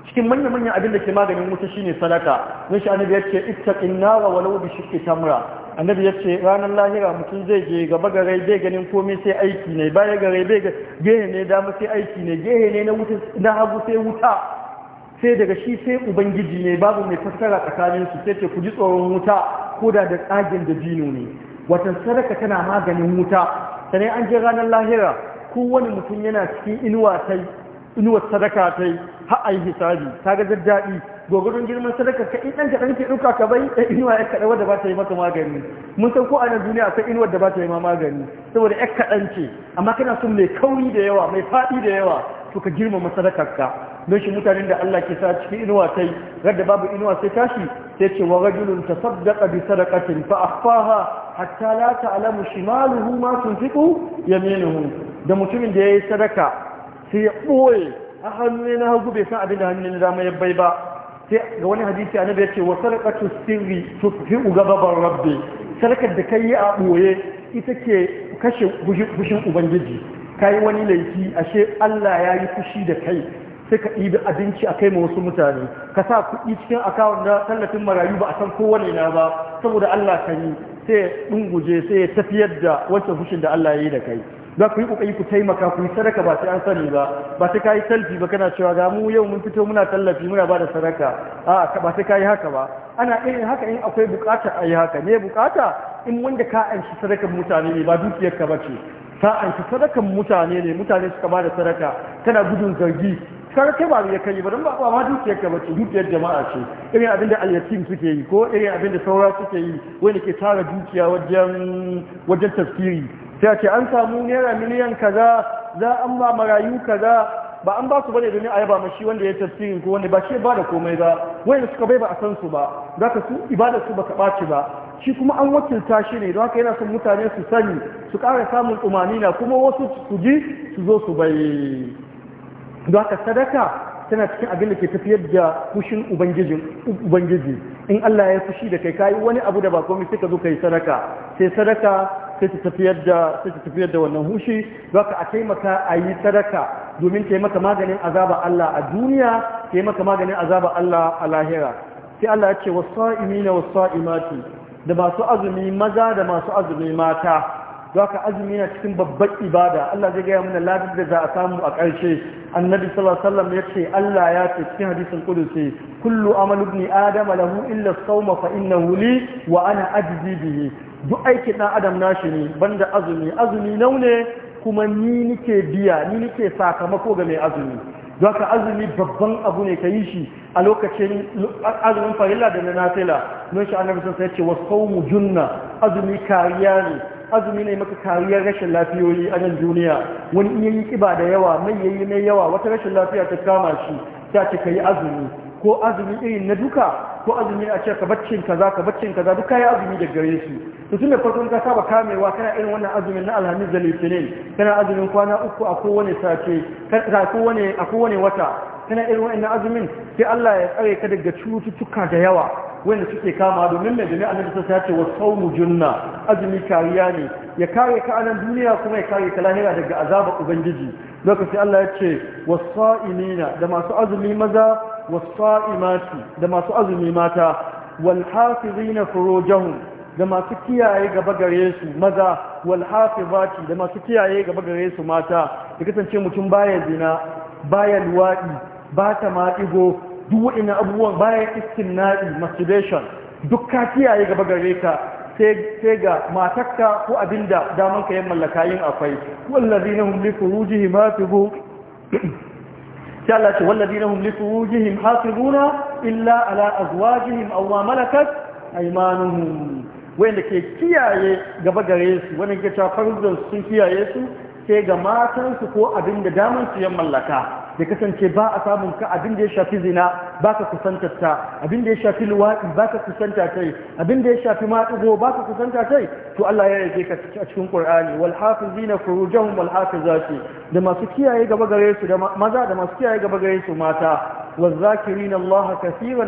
cikin manya manyan abin da ke maganin wuta shine sadaka don shi annabi yace ittaqin nara walau bi shiqqi tamra annabi yace ranar lahira mutum zai je gaba gare bai ganin komai sai aiki ne baya gare bai gehe ne dama sai aiki ne gehe ne na wuta na hagu sai wuta sai daga shi sai ubangiji ne babu mai fassara tsakanin su sai ce ku ji tsoron wuta ko da da da dino ne watan sadaka tana maganin wuta sanai an je ranar lahira kowane mutum yana cikin inuwa ta inuwar sadaka tai, yi yi hisabi ta ga daɗi gwargwadon girman sadaka ka in ɗan kaɗan ke ɗauka ka bai ɗan inuwa ya kaɗa wadda ba ta yi maka magani mun san ko a nan duniya akwai inuwar da ba ta yi ma magani saboda ya kaɗan ce amma kana son mai kauri da yawa mai faɗi da yawa to ka girmama sadakarka don shi mutanen da Allah ke sa cikin inuwa tai, radda babu inuwa sai tashi sai ce wa rajulun tasaddaqa bi sadaqatin fa hatta la ta'lamu shimaluhu ma tunfiqu yaminuhu da mutumin da yayi sadaka sai ya boye a hannu na hagu bai san abin da hannun na dama ya bai ba sai ga wani hadisi annabi ya ce wa sadaqatu sirri tufi'u gababar rabbi sadakar da kai a boye ita ke kashe fushin ubangiji kai wani laifi ashe Allah ya yi fushi da kai sai ka ɗibi abinci a kai ma wasu mutane ka sa kuɗi cikin akawun na tallafin marayu ba a san kowane na ba saboda Allah ka yi sai ya ɗunguje sai ya tafiyar da wancan fushin da Allah ya yi da kai za ku yi ƙoƙari ku taimaka ku yi sadaka ba sai an sani ba ba sai ka yi talfi ba kana cewa ga mu yau mun fito muna tallafi muna ba da sadaka a ba sai ka yi haka ba ana irin haka in akwai bukata a yi haka ne bukata in wanda ka anshi sadakan mutane ne ba dukiyar ka bace ka sadakan mutane ne mutane suka ba da sadaka kana gudun zargi kar ta ba ya kai ba don ba ma dukiyar ka ba dukiyar jama'a ce irin abin da alyatim suke yi ko irin abin da saura suke yi Wani ke tara dukiya wajen wajen tafsiri sai ce an samu naira miliyan kaza za an ba marayu kaza ba an ba su bane domin ayaba ma mashi wanda ya tafsirin ko wanda ba shi ba da komai ba wai suka bai ba a san su ba za ka su ibada su baka ɓaci ba shi kuma an wakilta shi ne don haka yana son mutane su sani su ƙara samun umarni na kuma wasu su ji su zo su bai don haka sadaka tana cikin abin da ke tafiyar da fushin ubangiji in Allah ya fushi da kai kayi wani abu da ba komai sai ka zo kai sadaka sai sadaka sai ta tafiyar da sai ta tafiyar da wannan hushi don haka a taimaka a yi sadaka domin taimaka maganin azaba Allah a duniya taimaka maganin azaba Allah a lahira sai Allah ya ce wasa'imina wasa'imati da masu azumi maza da masu azumi mata za ka azumi na cikin babbar ibada Allah zai gaya mana ladin da za a samu a ƙarshe annabi sallallahu alaihi ya ce Allah ya ce cikin hadisin qudusi kullu amalu ibn adama lahu illa as-sawma fa innahu li wa ana ajzi bihi duk aikin dan adam nashi ne banda azumi azumi naune kuma ni nike biya ni nike sakamako ga mai azumi Zaka azumi babban abu ne ka yi shi a lokacin azumin farilla da na nafila don sha'anar sun sai ce wasu junna azumi kariya ne azumi ne maka kariyar rashin lafiyoyi a nan duniya wani iya yi kiba da yawa mai yayi mai yawa wata rashin lafiya ta kama shi ta ce ka yi azumi ko azumi irin na duka ko azumi a ce ka baccin kaza ka baccin kaza duka ya azumi da gare su to tun da farko ka saba kamewa kana irin wannan azumin na alhamis da litinin kana azumin kwana uku a kowane sace a kowane wata kana irin wannan azumin sai Allah ya tsare ka daga cututtuka da yawa wanda suke kama domin mai jami'a na sai ya ce wa saumu junna azumi kariya ne ya kare ka anan duniya kuma ya kare ka lahira daga azabar ubangiji lokaci Allah ya ce wa sa'imina da masu azumi maza wa sa'imati da masu azumi mata wal hafizina furujahum da masu kiyaye gaba gare su maza wal hafizati da masu kiyaye gaba gare su mata ya kasance mutum baya zina baya luwaɗi ba ta ma'igo duk waɗannan abubuwan bayan na'i masturbation duk ka kiyaye gaba gare ka sai ga matakka ko abin da daman ka yin mallaka yin akwai wallazina hum li furujihim hafizun sai Allah ce wallazina hum li furujihim na illa ala azwajihim aw ma malakat wanda ke kiyaye gaba gare su wani ke cafar farzan sun kiyaye su sai ga matansu ko abin da daman su yin mallaka ya kasance ba a samun ka abin da ya shafi zina ba ka kusanta ta abin da ya shafi luwaɗi ba ka kusanta ta yi, abin da ya shafi maɗigo ba ka kusanta ta yi? to Allah ya rage ka a cikin ƙur'ani? wal hafizina furujahum wal hafizati da masu kiyaye gaba gare su da maza da masu kiyaye gaba gare su mata Da masu كثيرا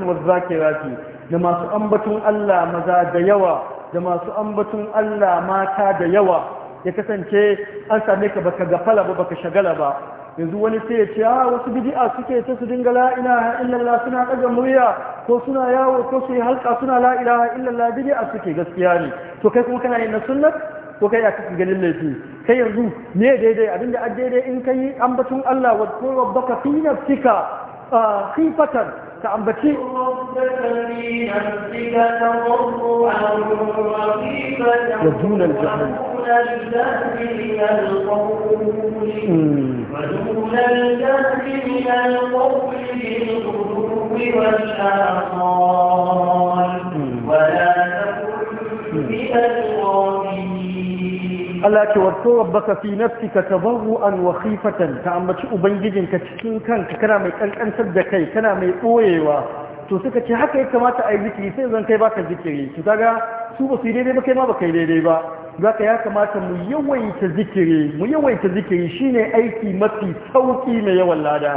Allah لما da yawa? Da masu لما Allah mata da yawa? ya kasance an same ka baka gafala ba baka shagala ba yanzu wani sai ya ce a ah, wasu bid'a suke ta su dinga la ilaha illallah suna ɗaga murya ko suna yawo ko su yi halka suna la illallah bid'a suke gaskiya ne to kai kuma kana yin na sunnat ko kai ya kake ganin laifi kai yanzu me daidai abinda a daidai in kai ambatun Allah wa qur rabbaka fi nafsika ah, khifatan ka ambaci الجهل من القول ودون الجهل من القول بالغدو والآصال ولا Allah ce wato rabbaka fi nafsika tadarruan wa khifatan ta ambaci ubangijinka cikin kanka kana mai kankantar da kai kana mai boyewa to suka ce haka ya kamata a yi zikiri sai zan kai baka zikiri to kaga su ba su yi daidai ba kai ma ba kai daidai ba za ka ya kamata mu yawaita zikiri mu yawaita zikiri shine aiki mafi sauki mai yawan lada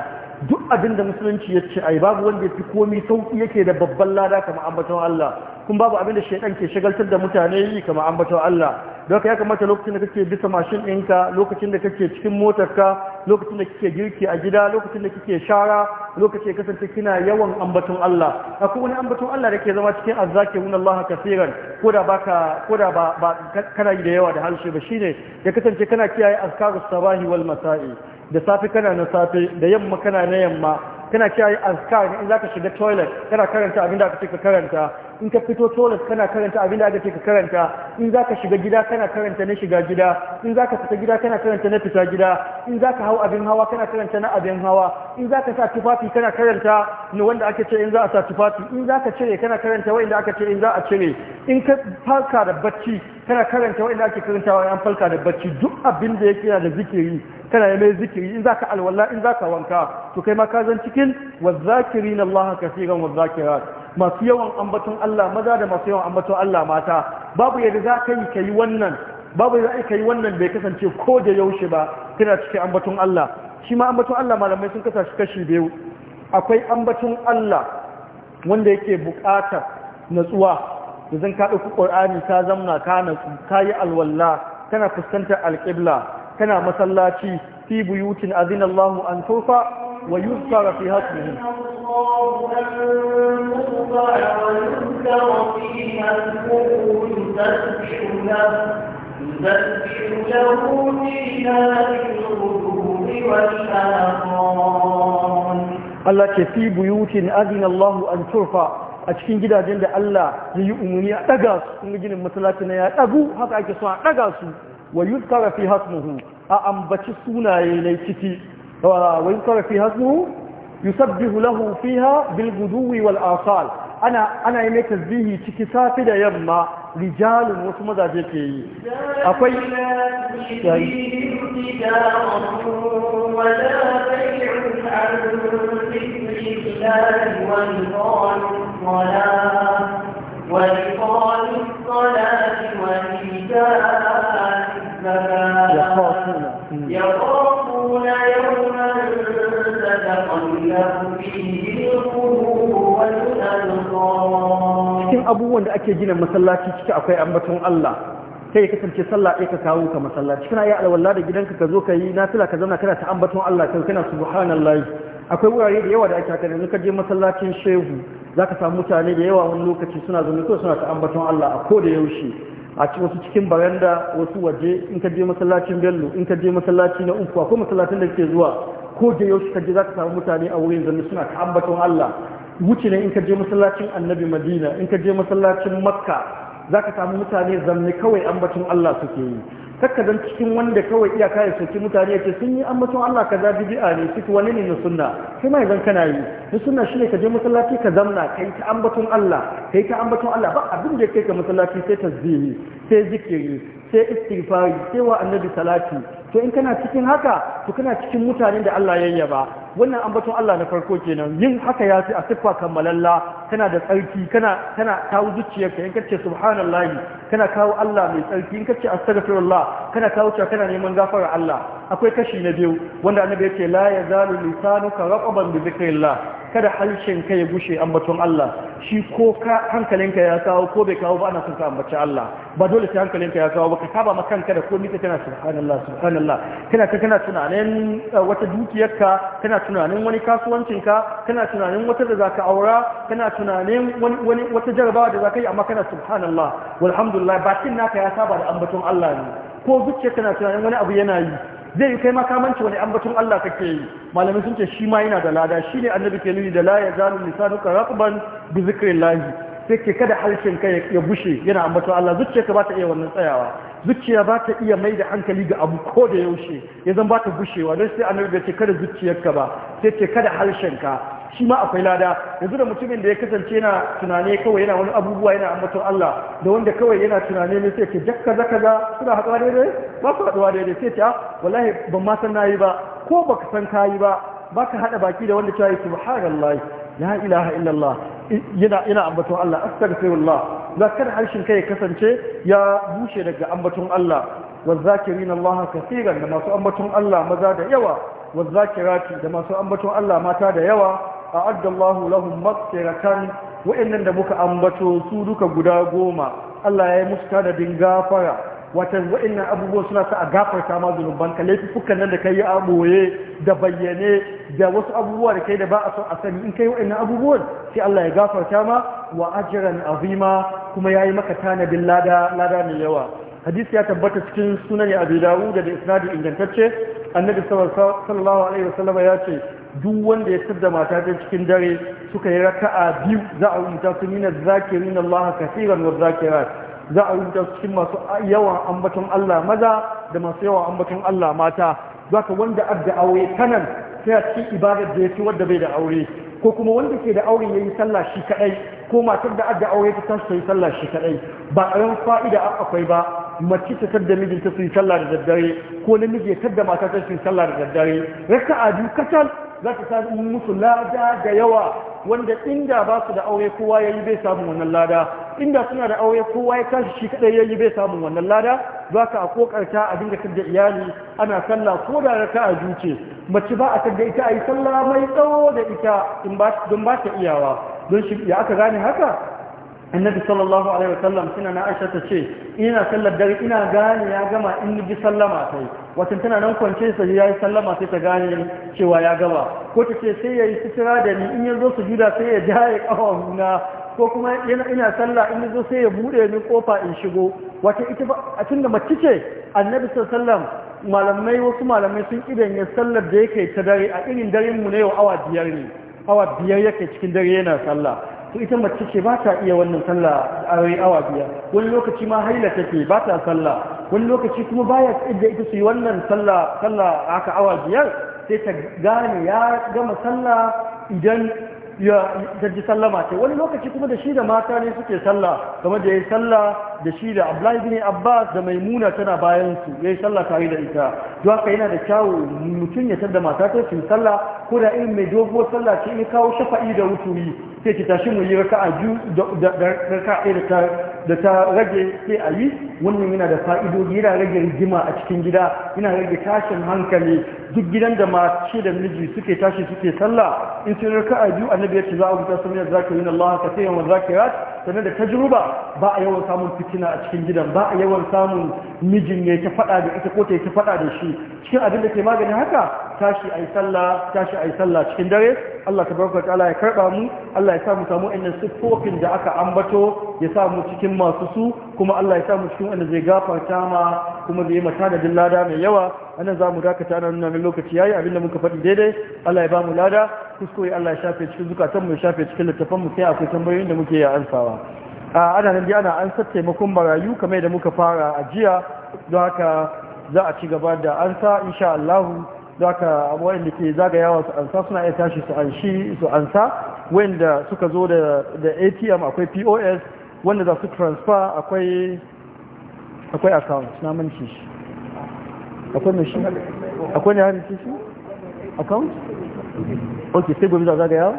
duk abin da musulunci ya ce ai babu wanda ya fi komi sauki yake da babban lada kamar ambaton Allah kun babu abin da shaidan ke shagaltar da mutane yi kamar ambaton Allah don ka ya kamata lokacin da kake bisa mashin ɗinka lokacin da kake cikin motarka lokacin da kake girki a gida lokacin da kake shara lokacin da kasance kina yawan ambaton Allah akwai wani ambaton Allah da ke zama cikin wani Allah laha ko da baka ko da ba, ba kana yi da yawa da harshe ba shine ya kasance kana kiyaye azkarus sabahi wal masa'i da safe kana na safe da yamma kana na yamma kana kiyaye azkar in zaka shiga toilet kana karanta abinda da aka ce ka karanta in ka fito tolas kana karanta abin da aka ce ka karanta in za ka shiga gida kana karanta na shiga gida in za ka fita gida kana karanta na fita gida in za ka hau abin hawa kana karanta na abin hawa in za ka sa tufafi kana karanta na wanda ake ce in za a sa tufafi in za ka cire kana karanta wanda aka ce in za a cire in ka farka da bacci kana karanta wanda ake karantawa an farka da bacci duk abin da yake da zikiri kana yi mai zikiri in za ka alwala in za ka wanka to kai ma ka zan cikin wa zakirin Allah kasiran wa zakirat masu yawan ambatun Allah maza da masu yawan ambatun Allah mata babu yadda za ka yi wannan babu yadda ka yi wannan bai kasance ko da yaushe ba Kina cikin ambatun Allah shi ma ambaton Allah malamai sun kasa shi kashi biyu akwai ambatun Allah wanda yake buƙatar natsuwa yanzu ka ɗauki ƙur'ani ka zamna ka natsu ka yi alwalla, kana fuskantar alƙibla kana masallaci fi buyutin azinallahu an tufa wa yuzkara fi hasbihi المنكر ويذكر فيها اسمه يسبح له Allah ke fi buyutin adina Allah an turfa a cikin gidajen da Allah ya yi umarni a ɗaga su kuma ginin masallaci na ya ɗagu haka ake so a ɗaga su wa yuzkara fi hasmuhu a ambaci sunaye na ciki wa yuzkara fi hasmuhu يسبح له فيها بالغدو والآصال أنا أنا إليك الزيه تكسا في يبما رجال وسمى ذا جيكي أقول لا تجدين ولا يخافون يوما cikin abubuwan da ake gina masallaci ciki akwai ambaton Allah sai ya kasance sallah ɗaya ka kawo ka masallaci kana yi alwala da gidanka ka zo ka yi na nafila ka zauna kana ta ambaton Allah kai kana subhanallahi akwai wurare da yawa da ake haka yanzu ka je masallacin shehu zaka samu mutane da yawa wani lokaci suna zaune kawai suna ta ambaton Allah a ko da yaushe a cikin wasu cikin baranda wasu waje in ka je masallacin bello in ka je masallaci na uku ko masallacin da ke zuwa ko da yaushe ka je za ka samu mutane a wurin zanne suna ka ambaton Allah wuce ne in ka je masallacin annabi madina in ka je masallacin makka za ka samu mutane zanne kawai ambaton Allah suke yi kakka zan cikin wanda kawai iyaka ya soki mutane ce sun yi ambaton Allah kaza bid'a ne fito wani ne na sunna kai ma zan kana yi na sunna shine ka je masallaci ka zamna kai ta ambaton Allah kai ta ambaton Allah ba abin da kai ka masallaci sai tasbihi sai zikiri sai istighfari sai wa annabi salati to in kana cikin haka to kana cikin mutane da Allah yayyaba wannan ambaton Allah na farko kenan yin haka ya fi a siffa kammalalla kana da tsarki kana kana kawo zuciyarka in kace subhanallahi kana kawo Allah mai tsarki in kace astaghfirullah kana kawo cewa kana neman gafara Allah akwai kashi na biyu wanda annabi yake la yazalu lisanuka raqaban bi zikrillah kada harshen ka ya gushe ambaton Allah shi ko ka hankalinka ya kawo ko bai kawo ba ana son ka ambaci Allah ba dole sai hankalinka ya kawo ba ka saba ma kanka da komai kana subhanallah subhanallah kana kana tunanin eh, wata dukiyarka kana tunanin wani kasuwancinka kana tunanin wata da zaka aura kana tunanin wani wata jarabawa da zaka yi amma kana subhanallah walhamdulillah bakin naka ya saba da ambaton Allah ne ko zuciya kana tunanin wani abu yana yi zai yi kai makamanci wani ambaton Allah kake yi malamai sun ce shi ma yana da lada shi ne annabi ke nuni da la nuka lisanuka raqban bi zikrillah sai ke kada harshen ka ya bushe yana ambaton Allah zuciya ka ba ta iya wannan tsayawa zuciya ba ta iya mai da hankali ga abu ko da yaushe ya zan ba ta bushewa don sai annabi bai ce kada zuciyarka ba sai ce kada harshen ka shi ma akwai lada yanzu da mutumin da ya kasance yana tunane kawai yana wani abubuwa yana ambaton Allah da wanda kawai yana tunane ne sai ke jakka zaka ga suna haɗuwa daidai ba su haɗuwa daidai sai ce ah, wallahi ban ma san nayi ba ko baka san kayi ba baka haɗa baki da wanda ta yi subhanallahi la ilaha illallah yana ina ambaton Allah astaghfirullah zakar harshen kai kasance ya bushe daga ambaton Allah والذاكرين الله كثيرا da masu ambaton Allah maza da yawa wazakirati da masu ambaton Allah mata da yawa a'adda Allah lahum maghfiratan wa'annan da muka ambato su duka guda goma Allah ya yi musu da gafara Wata waɗannan abubuwan suna sa a gafarta ma zunubanka laifukan nan da ka yi aboye da bayyane da wasu abubuwa da kai da ba a son a sani in kai waɗannan abubuwan sai Allah ya gafarta ma wa ajran azima kuma yi maka tanadin lada lada mai yawa hadisi ya tabbata cikin sunan Abi Dawud da isnadi ingantacce annabi sallallahu alaihi wasallam ya ce duk wanda ya tada mata ta cikin dare suka yi raka'a biyu za a rubuta su min zakirin Allah kaseeran wa zakirat za a rubuta cikin masu yawan ambaton Allah maza da masu yawan ambaton Allah mata ka wanda adda aure kanan sai a cikin ibadar da ya ci wanda bai da aure ko kuma wanda ke da aure yayi sallah shi kadai ko matar da adda aure ta tashi yi sallah shi kadai ba ƙaran fa'ida akwai ba mace ta tadda mijinta su yi sallah da daddare ko namiji ya tadda mata ta su yi sallah da daddare raka'a biyu kacal za ka samu musu lada da yawa wanda inda ba su da aure kowa ya yi bai samun wannan lada inda suna da aure kowa ya tashi shi kadai ya yi bai samun wannan lada za ka a kokarta a dinga da iyali ana sallah ko da raka a juce mace ba a da ita a yi sallah mai tsawo da ita don ba ta iyawa don shi ya aka gane haka annabi sallallahu alaihi wasallam suna na aisha ta ce ina sallar dare ina gane ya gama in ji sallama sai watan tana nan kwance sa ya yi sallama sai ta gane cewa ya gama ko ta ce sai ya yi sutura da ni in ya zo su juda sai ya jaye ya ko kuma yana ina sallah in zo sai ya bude min kofa in shigo wata ita ba a tunda mace ce annabi sallallahu alaihi wasallam malamai wasu malamai sun idan ya sallar da yake ta dare a irin daren mu ne yau awa biyar ne awa biyar yake cikin dare yana sallah to ita mace ce ba ta iya wannan sallah a rai awa biyar wani lokaci ma haila take ba ta sallah wani lokaci kuma baya da ita su yi wannan sallah sallah haka awa biyar sai ta gane ya gama sallah idan ya ji sallama ce wani lokaci kuma da shi da mata ne suke sallah kamar da ya yi sallah da shi da Abdullahi bin Abbas da Maimuna tana bayan su ya yi sallah tare da ita don haka yana da kyawun, mutum ya tada mata ta sallah ko da irin mai dogon sallah ce in kawo shafa'i da wuturi sai ki tashi mu yi raka'a biyu da raka'a da ta da ta rage sai a yi wannan yana da fa'idodi yana rage rigima a cikin gida yana rage tashin hankali duk gidan da mace da miji suke tashi suke sallah in sun raka'a biyu annabi ya ce za a wuta sunan zakirin Allah ka sai yawan zakirat sannan da tajruba ba a yawan samun fitina a cikin gidan ba a yawan samun mijin ne ta fada da ita ko ta ta fada da shi cikin abin da ke magani haka tashi ayi sallah tashi ai sallah cikin dare Allah Ta barka ta ya karba mu Allah ya sa mu samu innan siffofin da aka ambato ya sa mu cikin masu su kuma Allah ya sa mu cikin wanda zai gafarta ma kuma zai mata da dillada mai yawa anan za mu dakata ana nuna min lokaci yayi abinda muka faɗi daidai Allah ya ba mu lada kuskure Allah ya shafe cikin zukatan mu ya shafe cikin littafan mu sai akwai tambayoyin da muke ya ansawa a ana nan ana an sa taimakon marayu kamar da muka fara a jiya don haka za a ci gaba da ansa insha Allah don haka abubuwan da ke zagayawa su ansa suna iya tashi su anshi su ansa wanda suka zo da da ATM akwai POS wanda za su transfer akwai akwai account na manci shi akwai mai shi akwai ne harin shi account ok sai gobe za a zagayawa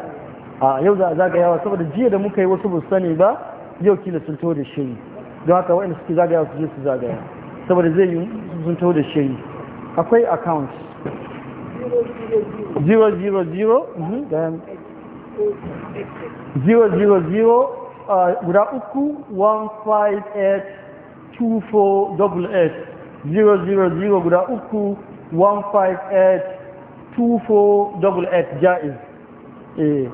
a yau za a yawa saboda jiya da muka yi wasu ba sani ba yau kila sun taho da shiri don haka waɗanda suke zaga yawa su je su yawa. saboda zai yi sun taho da shiri akwai account 000 000 mhm, guda uku 158 24 double 000 guda uku 158 jaiz eh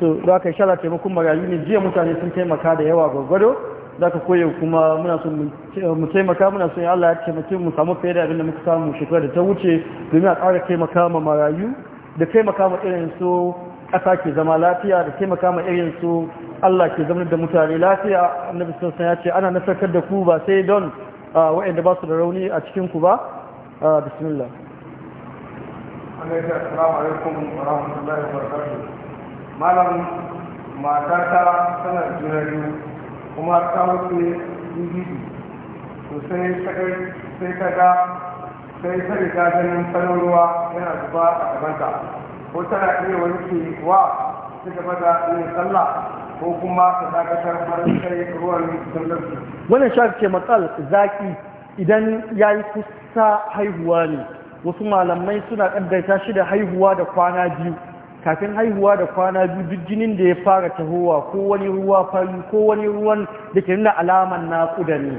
so da aka shala taimakon marayu ne jiya mutane sun taimaka da yawa gwargwado da ka koya kuma muna sun mu taimaka muna son Allah ya taimake mu samu fiye da abinda muka samu shekara da ta wuce domin a ƙara taimaka ma marayu da taimaka ma irin su ƙasa ke zama lafiya da taimaka ma irin su Allah ke zama da mutane lafiya annabi sun ya ce ana nasarkar da ku ba sai don Waɗanda ba su da rauni a cikinku ba bismillah Assalamu alaikum wa rahmatullahi wa barakatuh. Malam matata tana da juna biyu kuma ta wuce digidi to sai sai ta ga sai ta riga ganin farin ruwa yana zuba a gabanta ko tana iya wanke wa ta gaba da yin sallah ko kuma ka dakatar farin kai ruwan sallarsu wannan shi ce matsal zaki idan ya yi kusa haihuwa ne wasu malamai suna ƙaddaita shi da haihuwa da kwana biyu kafin haihuwa da kwana biyu duk jinin da ya fara tahowa ko wani ruwa fari ko wani ruwan da ke nuna alaman naƙuda ne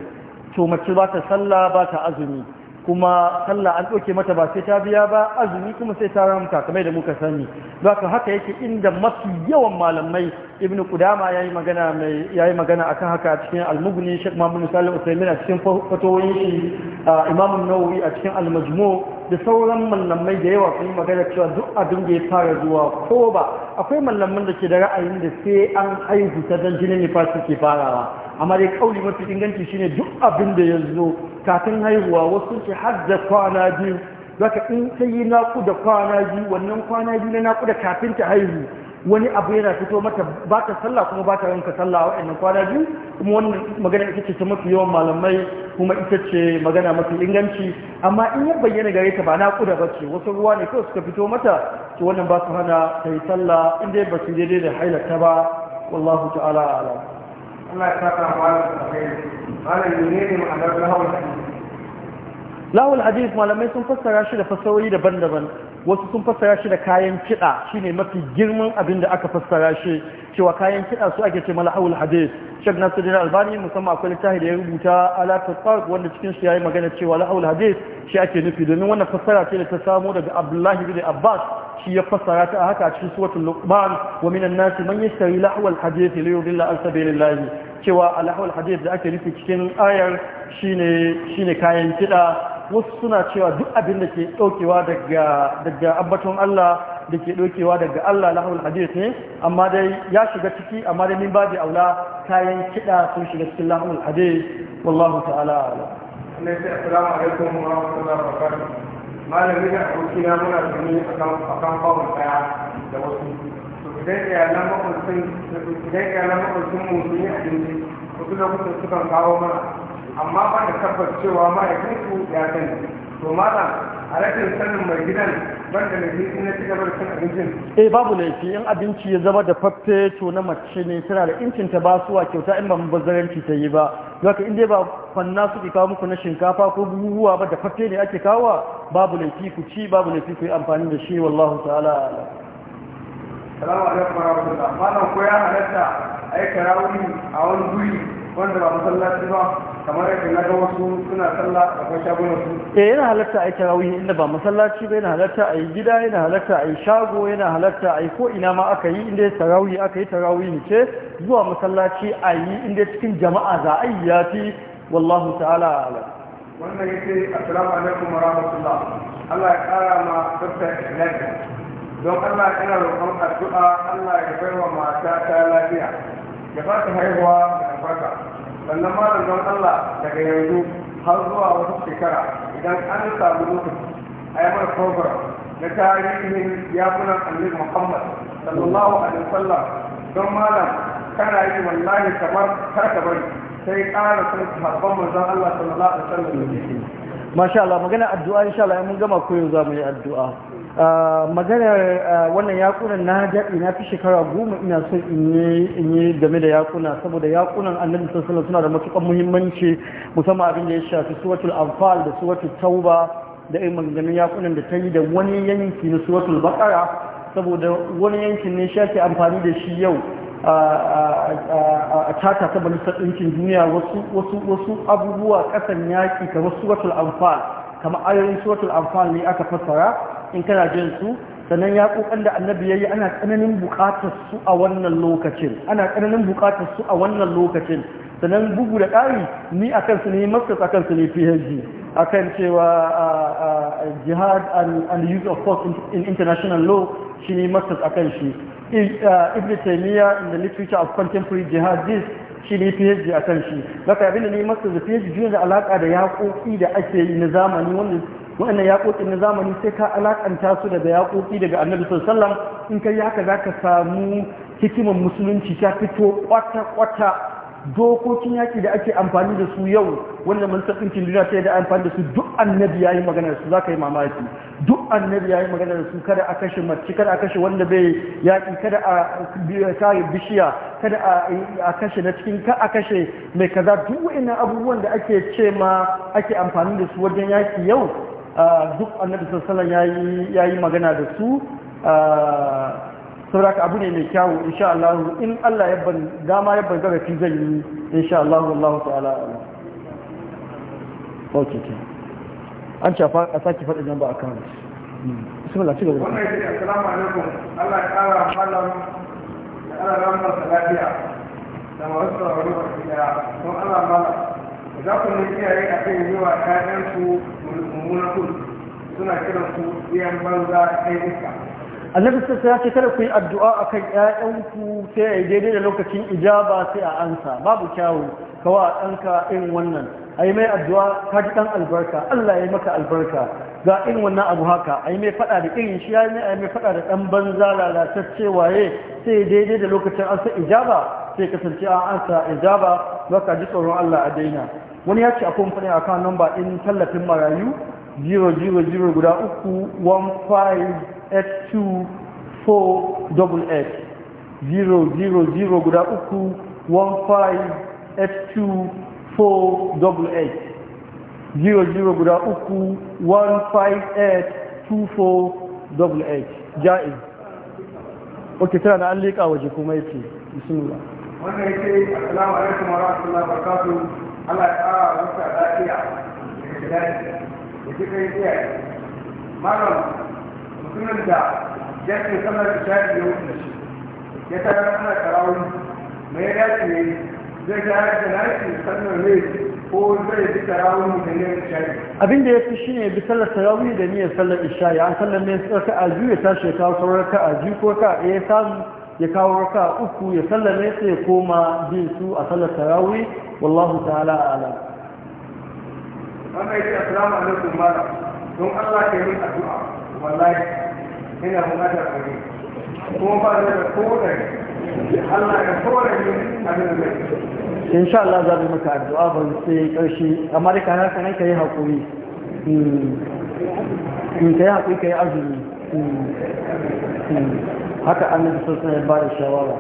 to mace ba ta sallah ba ta azumi kuma sallah an ɗauke mata ba sai ta biya ba azumi kuma sai ta ramta kamar da muka sani za ka haka yake inda mafi yawan malamai ibn kudama ya yi magana mai ya yi magana akan haka a cikin almugni shek mamun salim usaimin a cikin fatoyin shi imamu nawawi a cikin almajmu da sauran malamai da yawa sun yi magana cewa duk abin da ya fara zuwa ko ba akwai malaman da ke da ra'ayin da sai an haihu ta dan jinin nifasi ke farawa amma dai kauli mafi inganci shine duk abin da ya kafin haihuwa wasu ce har da kwana biyu zaka in sai yi da kwana biyu wannan kwana biyu na da kafin ta haihu wani abu yana fito mata ba ta sallah kuma ba ta ranka sallah wa'annan kwana biyu kuma wannan magana ita ce ta mafi yawan malamai kuma ita ce magana mafi inganci amma in ya bayyana gare ta ba naƙuda ba ce wasu ruwa ne kawai suka fito mata to wannan ba su hana ta yi sallah inda dai ba daidai da hailata ba wallahu ta'ala a'lam الله يقطع معاذ الخير قال يريد ان ادب له الحديث lahul hadith malamai sun fassara shi da fassarori daban-daban wasu sun fassara shi da kayan kiɗa shine mafi girman abin da aka fassara shi cewa kayan kiɗa su ake ce malahul hadith shek nasiruddin albani musamman akwai littafi da ya rubuta alatul farq wanda cikin shi yayi magana cewa lahul hadith shi ake nufi domin wannan fassara ce da ta samo daga abdullahi bin abbas shi ya fassara ta haka a cikin suratul luqman wa minan nas man yashtari lahul hadith li yudilla an sabilillah cewa lahul hadith da ake nufi cikin ayar shine shine kayan kiɗa wasu suna cewa duk abin da ke ɗaukewa daga abbatun Allah da ke ɗaukewa daga Allah lahawar hadith ne amma dai ya shiga ciki amma dai min da aula kayan kiɗa sun shiga cikin lahawar hadith wallahu ta'ala ala assalamu wa malami da wasu yi kawo amma ba da tabbas cewa ma'aikinku ya sani to malam a rashin sanin mai gidan banda mai gidan na cigaba da abincin eh babu laifi in abinci ya zama da fafe to na mace ne tana da incin ta ba suwa kyauta in ba bazaranci ta yi ba zaka in dai ba fanna su kawo muku na shinkafa ko buhuwa ba da fafe ne ake kawo babu laifi ku ci babu laifi ku yi amfani da shi wallahu ta'ala salamu alaikum warahmatullahi malam ko ya halatta ai karawi a wani guri wanda ba masallaci ba kamar yadda na ga wasu suna sallah a kan shagunan su eh yana halatta a yi tarawih inda ba masallaci ba yana halatta a yi gida yana halatta a yi shago yana halatta a yi ko ina ma aka yi inda ya tarawih aka yi tarawih ce zuwa masallaci a yi inda cikin jama'a za a yi ya fi wallahu ta'ala alam wannan ce, assalamu alaikum wa rahmatullah Allah ya kara ma dokta lafiya don Allah ina roƙon addu'a Allah ya baiwa mata ta lafiya ya ba ta haihuwa haka sannan malam don Allah daga yanzu har zuwa wata shekara idan an samu lokaci a yi program na tarihin yakunan annabi Muhammad sallallahu alaihi wasallam don malam kana yi wallahi kamar karka bari sai ƙara sun habban manzon Allah sallallahu alaihi wasallam da yake masha Allah magana addu'a insha Allah mun gama koyo za mu yi addu'a maganar wannan yakunan na jaɗi na fi shekara goma ina son in yi game da yakuna saboda yakunan annabi sallallahu suna da matuƙar muhimmanci musamman abin da ya shafi suwatul anfal da suwatul tauba da irin maganganun yakunan da ta yi da wani yanki na suwatul bakara saboda wani yankin ne shafi amfani da shi yau a tata ta balistar ɗinkin duniya wasu abubuwa kasan yaƙi kamar suwatul anfal kamar ayoyin suwatul anfal ne aka fassara in kana jin su sannan ya kokan da annabi yayi ana tsananin bukatar su a wannan lokacin ana tsananin bukatar su a wannan lokacin sannan bugu da ƙari ni akan su ne masters akan su ne PhD akan cewa jihad and use of force in international law shi ne masters akan shi Ibn Taymiyyah in the literature of contemporary jihadist shi ne PhD akan shi zaka abin da ne masters da PhD yana da alaka da yaƙoƙi da ake yi na zamani wanda wannan yaƙoƙin na zamani sai ka alaƙanta su daga yaƙoƙi daga annabi sallallahu in kai haka zaka samu hikimar musulunci ta fito kwata-kwata dokokin yaƙi da ake amfani da su yau wanda san ɗinkin duniya ta yadda da amfani da su duk annabi ya yi magana da su za ka yi mamaki duk annabi ya yi magana da su kada a kashe mace kada a kashe wanda bai yaƙi kada a kare bishiya kada a kashe na cikin ka a kashe mai kaza duk wa'annan abubuwan da ake ce ma ake amfani da su wajen yaƙi yau duk annabi alaihi ya yi magana da su sauraka abu ne mai kyau insha Allah in Allah ya ban dama ya ban fi zan yi insha Allah Allah ta'ala ok ke an shafa a sake fada nan ba a bismillah ci gaba wannan shi assalamu alaikum Allah ya kara malam ya kara ramar lafiya da wasu sauraro da Don Allah malam za ku ne iyaye a kan yi wa ƴaƴansu mummunan kun suna kiran su iyan banza kai iska annabi sai ya ce kada ku yi addu'a akan ƴaƴanku sai ya daidai da lokacin ijaba sai a ansa babu kyawu kawa ɗanka irin wannan a yi mai addu'a ka ji ɗan albarka Allah ya yi maka albarka ga irin wannan abu haka a yi mai faɗa da irin shi ya yi mai faɗa da ɗan banza lalatacce waye sai daidai da lokacin ansa ijaba sai kasance an ansa ijaba ba ka ji tsoron Allah a daina wani ya ci akwai mutane a kan nomba in tallafin marayu 000 guda 3 1582 000 guda 3 1582 488 guda 3 158 ja'iz ok tana na an leƙa waje kuma yake bismillah wannan yake assalamu alaikum wa rahmatullahi wa barakatuh Allah ya kara wata lafiya da jidani da duka yi tsaye malam mutumin da jakin sallar ishari ya wuce shi ya tara ana karawun mai ya dace ne zai tayar da nashi sallar ne ko zai bi tarawun da niyyar ishari abin da ya fi shine bi sallar tarawih da niyyar sallar ishari an sallar ne tsarka a biyu ya tashi ya kawo sauran ka a biyu ko ka a samu ya kawo raka uku ya sallame sai ya koma bin su a sallar tarawih wallahu ta'ala a'lam wannan yake assalamu alaikum mara don Allah ka yi addu'a wallahi ina buƙatar aure kuma ba da kowane Allah ya kore ni abin da insha Allah za mu maka addu'a ban sai karshe amma dai kana kana kai hakuri in hmm. hmm, kai hakuri kai azumi hmm. haka annabi sallallahu alaihi wasallam ba da shawara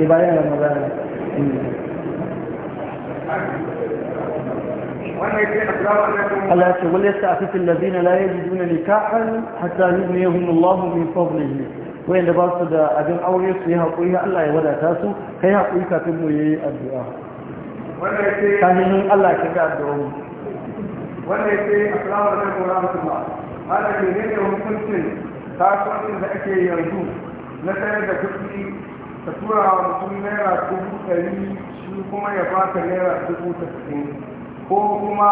eh bayan ramadan الله يقول وليستعفف الذين لا يجدون نكاحا حتى يغنيهم الله من فضله وين ba su da abin aure su yi haƙuri Allah ya wadata su kai haƙuri kafin mu yi addu'a kafin Allah ya kaga addu'a wanda ya ce assalamu alaikum wa rahmatullah ana ne ne hukuncin kasuwancin da ake yanzu na tsaye da kuɗi ta tura wa mutum naira dubu ɗari shi kuma ya baka naira dubu tasa'in ko kuma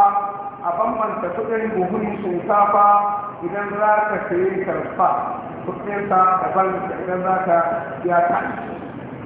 a bambanta kuɗin buhun shinkafa idan za ka sayi karfa kuɗinta daban da idan za ka ya ta.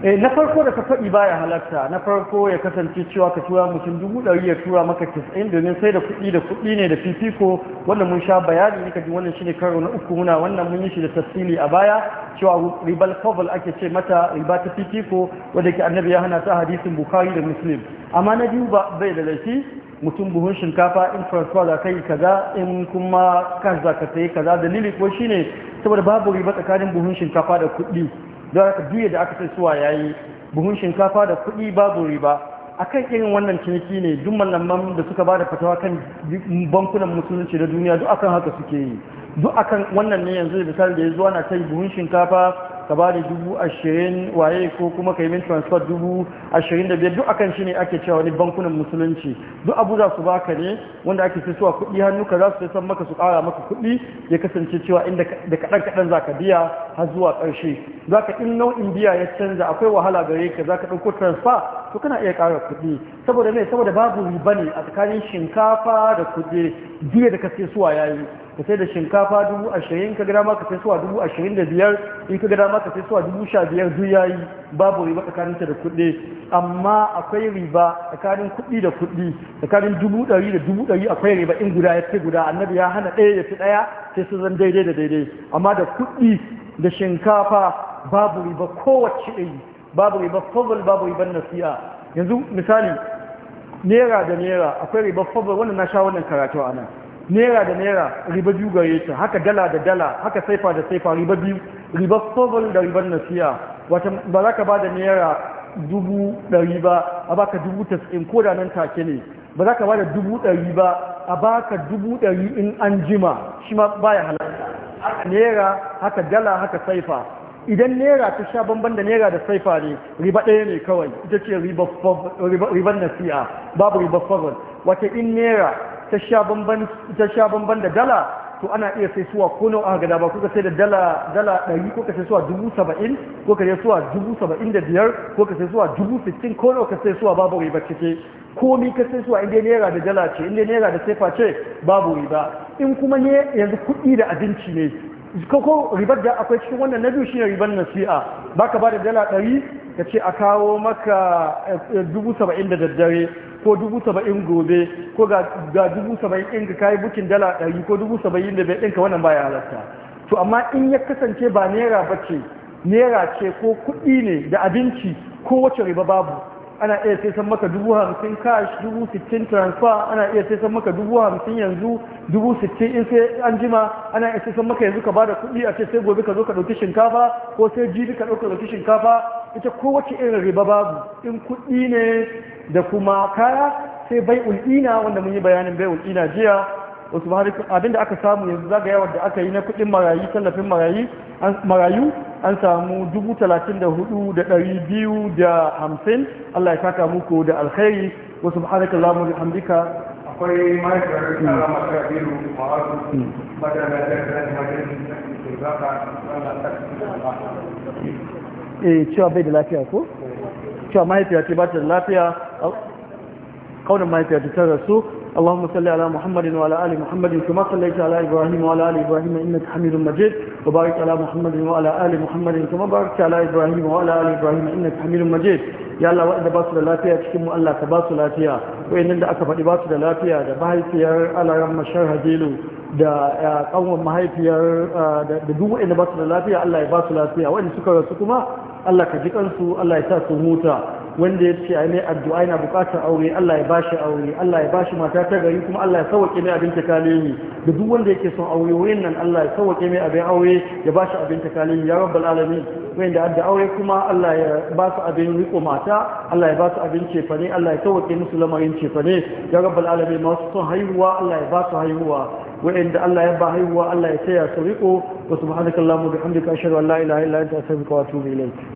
Eh, na farko da ka faɗi baya halarta na farko ya kasance cewa ka tura mutum dubu ɗari ya tura maka tis'in domin sai da kuɗi da kuɗi ne da fifiko wanda mun sha bayani ne kaji wannan shine karo na uku muna wannan mun yi shi da tafsili a baya cewa ribal fadl ake ce mata riba ta fifiko wadda ke annabi ya hana ta hadisin bukari da muslim amma na biyu ba bai da laifi mutum buhun shinkafa in transfer za ka yi kaza in kuma kash za ka sayi kaza dalili ko shine saboda babu riba tsakanin buhun shinkafa da kuɗi don aka duk da aka san suwa yayi buhun shinkafa da kuɗi babu riba akan irin wannan ciniki ne duk malaman da suka ba da fatawa kan bankunan musulunci da duniya duk akan haka suke yi duk akan wannan ne yanzu da misali da ya zuwa na ta buhun shinkafa ka ba da dubu ashirin waye ko kuma ka yi min transfer dubu ashirin da biyar duk akan shi ne ake cewa wani bankunan musulunci duk abu za su baka ne wanda ake sai suwa kuɗi hannu ka za su san maka su ƙara maka kuɗi ya kasance cewa inda da kaɗan kaɗan za ka biya har zuwa ƙarshe za ka in nau'in biya ya canza akwai wahala gare ka za ka ɗauko transfer to kana iya ƙara kuɗi saboda mai saboda babu riba ne a tsakanin shinkafa da kuɗi jiya da kace suwa yayi ka sai da shinkafa dubu ashirin ka gada ma ka sai suwa dubu ashirin da biyar in ka gada ma ka sai suwa dubu sha biyar duk yayi babu riba tsakaninta da kuɗi amma akwai riba tsakanin kuɗi da kuɗi tsakanin dubu ɗari da dubu ɗari akwai riba in guda ya fi guda annabi ya hana ɗaya ya fi ɗaya sai su zan daidai da daidai amma da kuɗi da shinkafa babu riba kowace iri babu ribar fadl babu ribar nasiya yanzu misali nera da nera akwai ribar fadl wannan na sha wannan karatu a nan nera da nera riba biyu gare ta haka dala da dala haka saifa da saifa riba biyu ribar fadl da ribar nasiya wata ba za ka ba da nera dubu ɗari ba a baka dubu tas'in ko da nan take ne ba za ka ba da dubu ɗari ba a baka dubu ɗari in an jima shi ma baya halatta haka nera haka dala haka saifa idan naira ta sha bamban da naira da saifa ne riba ɗaya ne kawai ita ce riban nasi'a babu riba fagon wata in naira ta sha bamban da dala to ana iya sai suwa ko nawa aka gada ba kuka sai da dala ɗari ko ka sai suwa dubu saba'in ko ka sai suwa dubu saba'in da biyar ko ka sai suwa dubu sittin ko nawa ka sai suwa babu riba cike komi ka sai suwa inda naira da dala ce inda naira da sefa ce babu riba in kuma ne yanzu kuɗi da abinci ne ko ribar da akwai cikin wannan na biyu shine ribar nasi'a ka ba da dala ɗari ka ce a kawo maka eh, dubu saba'in da daddare ko dubu saba'in gobe ko ga dubu saba'in ɗin ka yi bukin dala ɗari ko dubu saba'in da bai ɗinka wannan baya halatta to amma in ya kasance ba naira ba ce naira ce ko kuɗi ne da abinci ko wace riba babu ana iya sai san maka dubu hamsin cash dubu sittin transfer ana iya sai san maka dubu hamsin yanzu dubu sittin in sai an jima ana iya sai san maka yanzu ka bada kuɗi a ce sai gobe ka zo ka ɗauki shinkafa ko sai jibi ka ɗauka ɗauki shinkafa ita kowace irin riba babu in kuɗi ne da kuma kaya sai bai ul'ina wanda mun yi bayanin bai ul'ina jiya wasu abinda aka samu yanzu zagayawar da aka yi na kuɗin marayu tallafin marayu an samu 34,250 Allah ya saka muku da alkhairi wa subhanakallahu wa bihamdika akwai ma'aikatar da Allah maka biyu ma'azu madana da ta majalisa hmm. da eh, cewa bai da lafiya ko cewa mahaifiya ce ba ta da lafiya kaunin mahaifiya ta rasu اللهم صل على محمد وعلى آل محمد كما صليت على إبراهيم وعلى آل إبراهيم إنك حميد مجيد وبارك على محمد وعلى آل محمد كما باركت على إبراهيم وعلى آل إبراهيم إنك حميد مجيد ya Allah waɗanda ba su da lafiya cikin mu Allah ka ba su lafiya waɗannan da aka fadi ba su da lafiya da mahaifiyar alaran mashar hadilu da ƙanwar mahaifiyar da duk waɗanda ba su da lafiya Allah ya ba su lafiya wayanda suka rasu kuma Allah ka ji kansu Allah ya sa su huta wanda ya ce ai mai addu'a yana bukatar aure Allah ya bashi aure Allah ya bashi mata ta gari kuma Allah ya sauke mai abin takalimi da duk wanda yake son aure wurin nan Allah ya sauke mai abin aure ya bashi abin takalimi ya rabbal alamin da adda aure kuma Allah ya ba su abin riko mata Allah ya ba su abin cefane Allah ya sauke musu lamarin cefane ya rabbal alamin masu son haihuwa Allah ya ba su haihuwa da Allah ya ba haihuwa Allah ya taya su riko wa subhanakallahumma bihamdika ashhadu an la ilaha illa anta astaghfiruka wa atubu ilayk